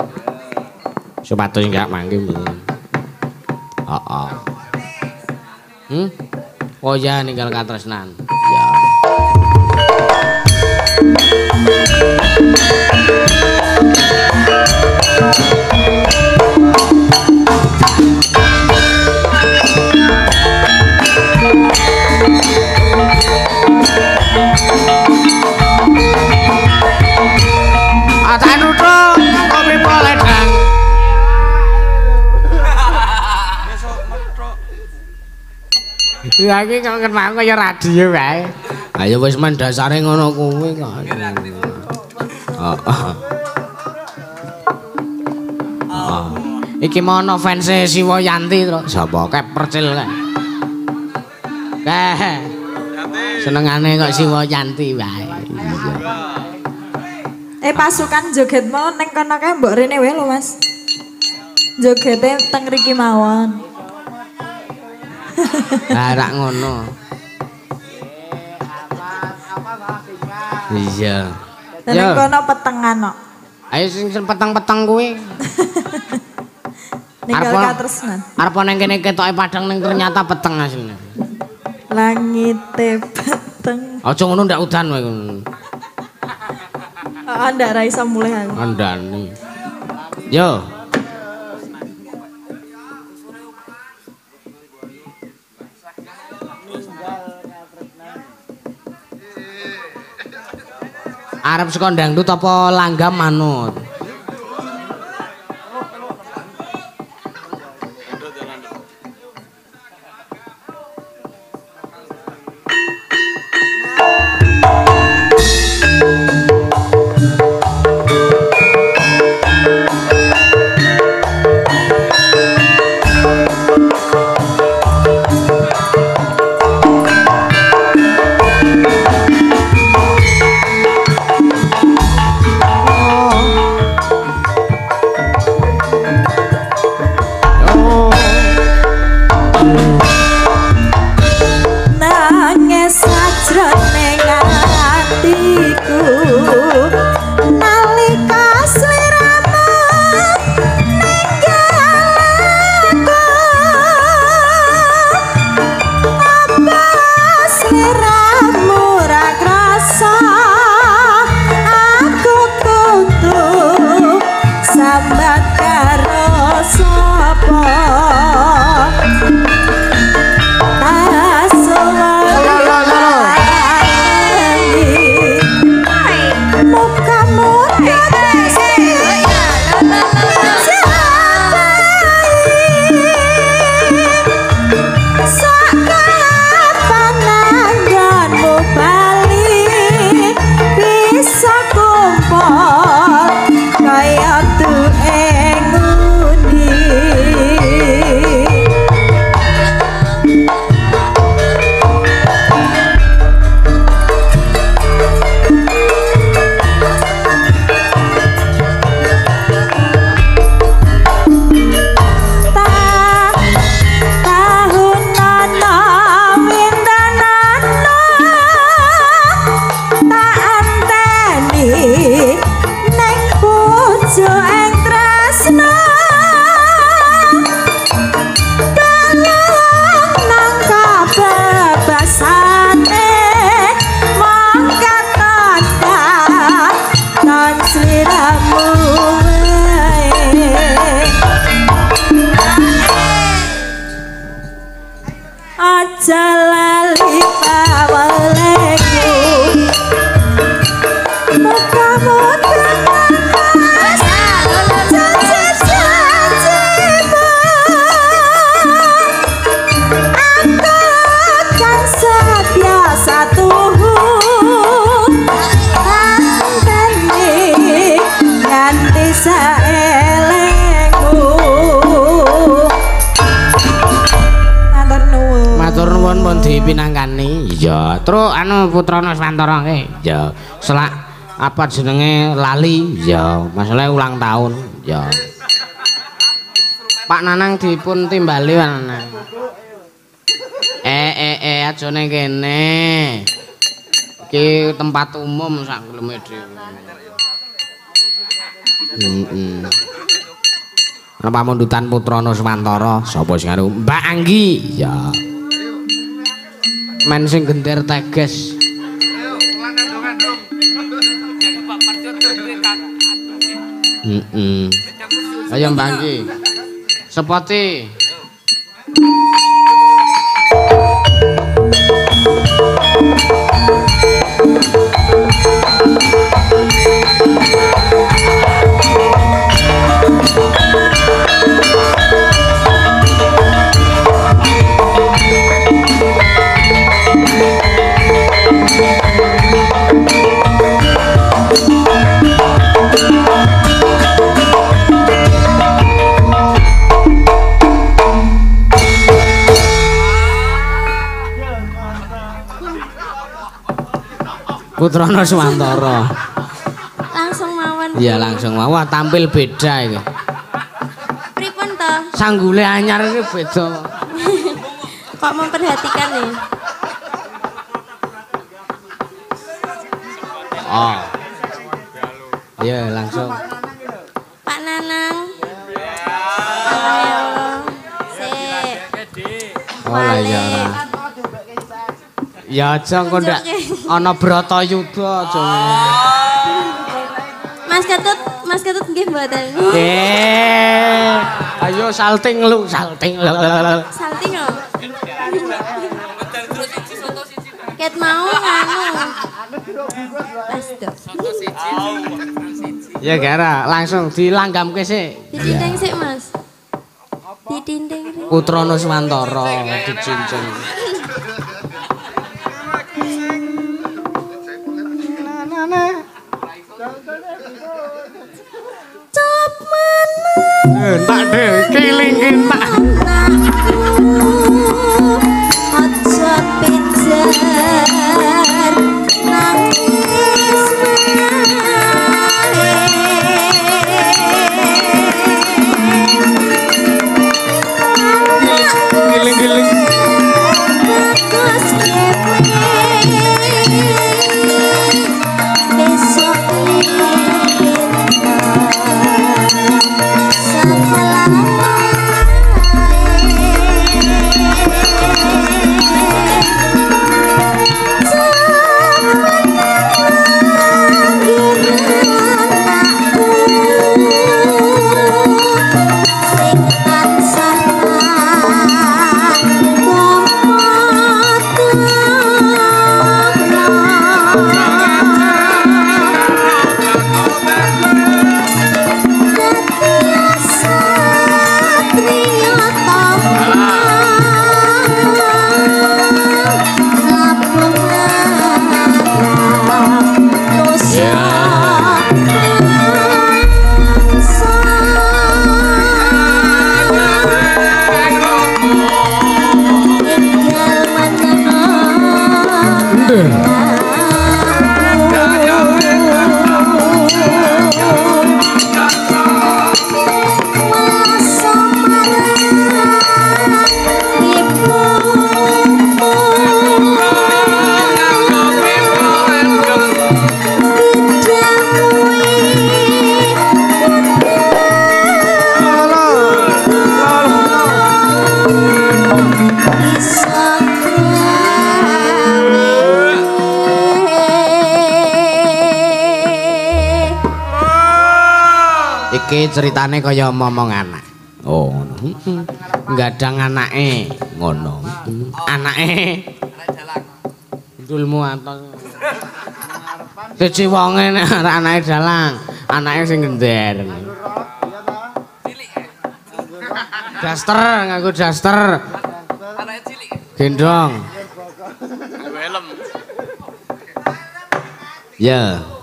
sepatu sing gak mangke oh oh hmm oh ya ninggal katresnan ya Thank you. ngundang iki kok kenal kaya radio wae. Ha ya wis men dasare ngono kuwi kok. Oh. Iki mono fans siwo Yanti to. Sapa kek percil kek. Kek. Senengane kok siwo Yanti wae. Eh pasukan joget mau neng kono kek mbok rene wae Mas. Jogete teng mawon. Harak ngono. Iya. Nang kono petengan kok. Ayo sing peteng-peteng kuwi. Ninggal ka tresnan. Arep nang kene ketoke padang ning ternyata peteng asline. Langite peteng. Aja ngono ndak udan kowe. Heeh ndak ra iso mulih aku. Andani. Yo. arep saka dangdut apa langgam manut apa jenenge lali ya masalah ulang tahun ya Pak Nanang dipun timbali Nanang eh eh eh aja ning kene iki tempat umum sak gleme dhewe Heeh Pamundutan Putrono Sumantara sapa sing Mbak Anggi ya men sing gender teges Mm. Ayo mbangki. Sepoti. Putrono Swantara. Langsung mawon. Iya, langsung mawon. Tampil beda iki. Pripun to? Sanggule anyar iki beda. Kok memperhatikan nih? Ya? Oh. Iya, langsung. Pak Nanang. Oh, ya ora. Ya aja kok ndak. ana brata yuga Mas Ketut, Mas Ketut nggih mboten. Eh. Ayo salting lu, salting. Lu. Salting lho. Ket mau anu. Ya gara langsung dilanggamke sik. Dicinting sik, Mas. Ditinting. Putrono Suwantoro dicincin. tak deh, kilingin tak. ceritane kaya momong anak. Oh, ngono. Gadang anake ngono. Anake dulmu anton. Siji wonge nek anake dalang, anake sing gender. Daster, ngaku daster. Anake cilik. Gendong. Helm. Ya.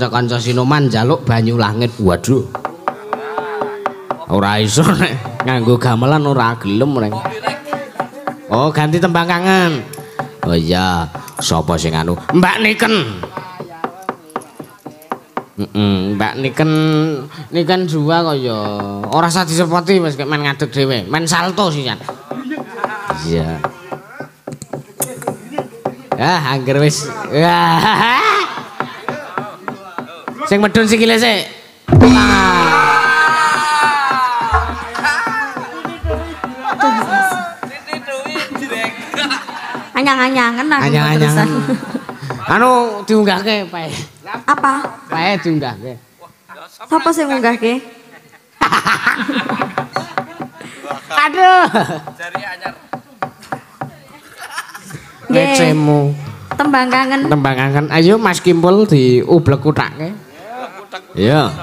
kanca-kanca sinoman jaluk banyu langit waduh ora iso nek nganggo gamelan ora gelem nek oh ganti tembang kangen oh iya sapa sing anu mbak niken Mm mbak niken niken dua kok ya ora sah disepoti wis main ngadeg dhewe main salto sih iya ah angger wis Sing medun kile sik. Anyang-anyangan aku. Anyang-anyangan. Anu diunggahke, pae Apa? pae diunggahke. Sapa sing ngunggahke? Aduh. Jari anyar. Ngecemu. Tembang kangen. Tembang kangen. Ayo Mas Kimpul ublek kutakke. Yeah.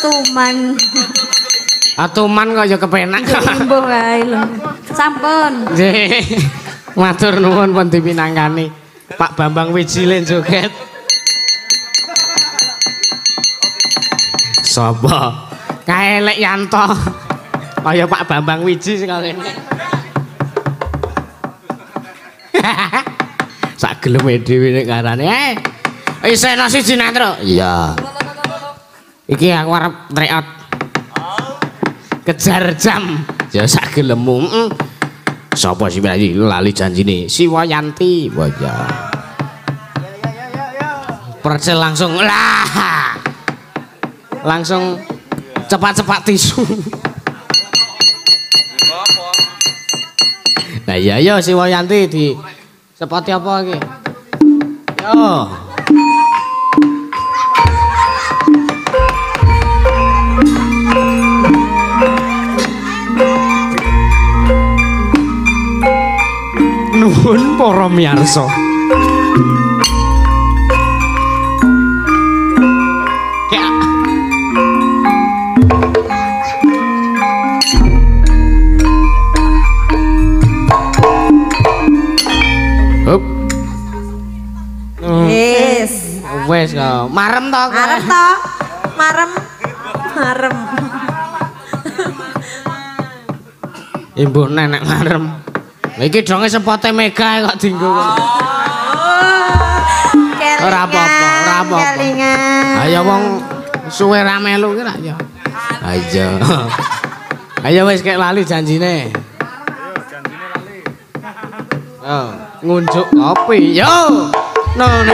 Atuman. Atuman kok ya kepenak. Embuh kae lho. Sampun. Nggih. Matur nuwun pun dipinangkani. Pak Bambang Wijile joget. Sapa? Kaelek Yanto. Kaya oh Pak Bambang Wiji sing ngene. Sak geleme dhewe nek ngarane. Eh, isih ana siji nang Iya. Iki aku arep treot. Kejar jam. Ya sak gelemmu. Mm. Sapa sih lali, lali janjine? Si Wayanti. Wah ya. Percel langsung lah. Langsung cepat-cepat tisu. Nah ya ya si Wayanti di seperti apa lagi? Yo. nuhun para miarsa. Hop. Wis. Wis kok. Marem to. Marem to. Marem. Eh, marem. Ibu nenek marem. Iki dong e sepote mega e kok dinggo. Oh. Ora apa-apa, ora Ayo wong suwe ra melu ki ra ya. Ayo. Ayo wis kek lali janjine. Ayo oh, janjine lali. ngunjuk kopi. Yo. No, no,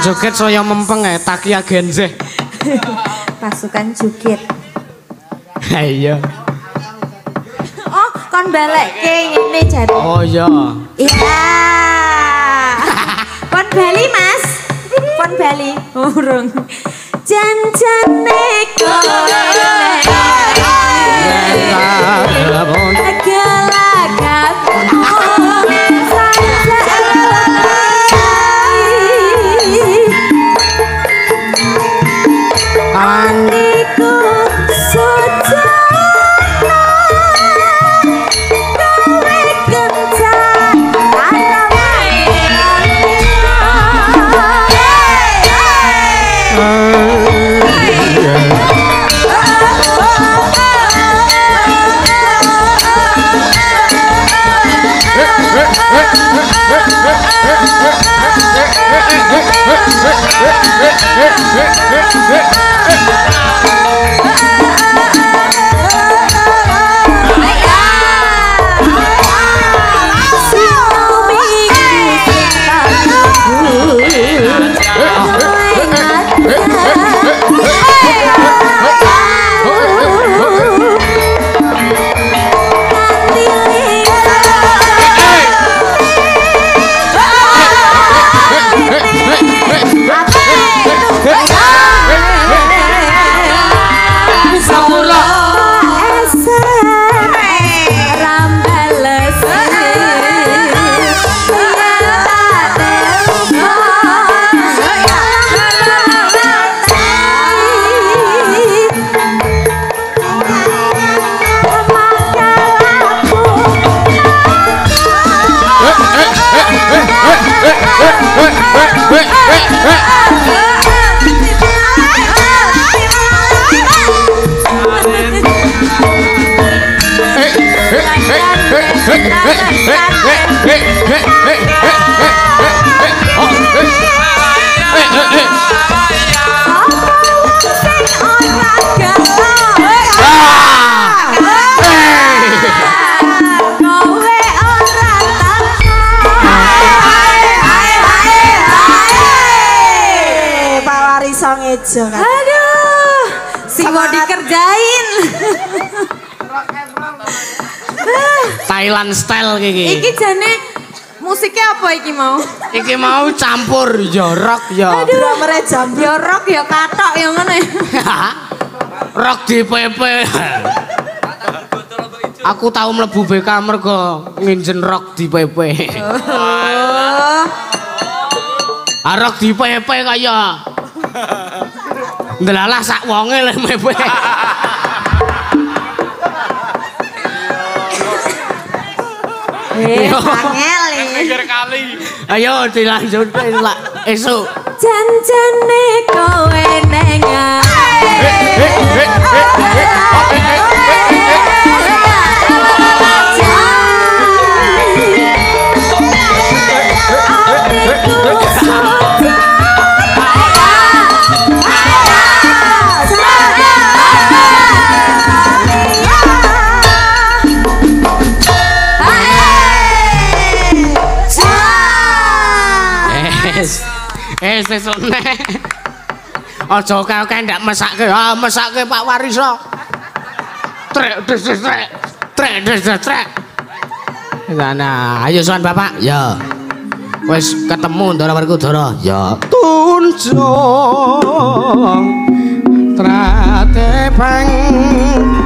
joget saya mempeng ya takia genze pasukan joget ayo oh kon balik ke ini oh iya iya kon bali mas kon bali urung jan jan nekore 哎哎。style gini. Iki jane musiknya apa iki mau? Iki mau campur yo rock yo. Aduh, mereka jam yo rock yo katok yo ngene. rock di PP. Aku tau mlebu BK mergo nginjen rock di PP. Oh. Arok ah, di PP kaya. Ndelalah sak wonge le PP. kali. Ayo dilanjutin lah esok. Janjane kowe nengah. Hey, hey, hey, hey, hey, hey, hey, hey. maksudnya ojo kau kan tidak masak ke ah, Pak Waris trek trek trek trek trek sana ayo suan bapak ya wes ketemu dora warga dora ya tunjuk trate pengen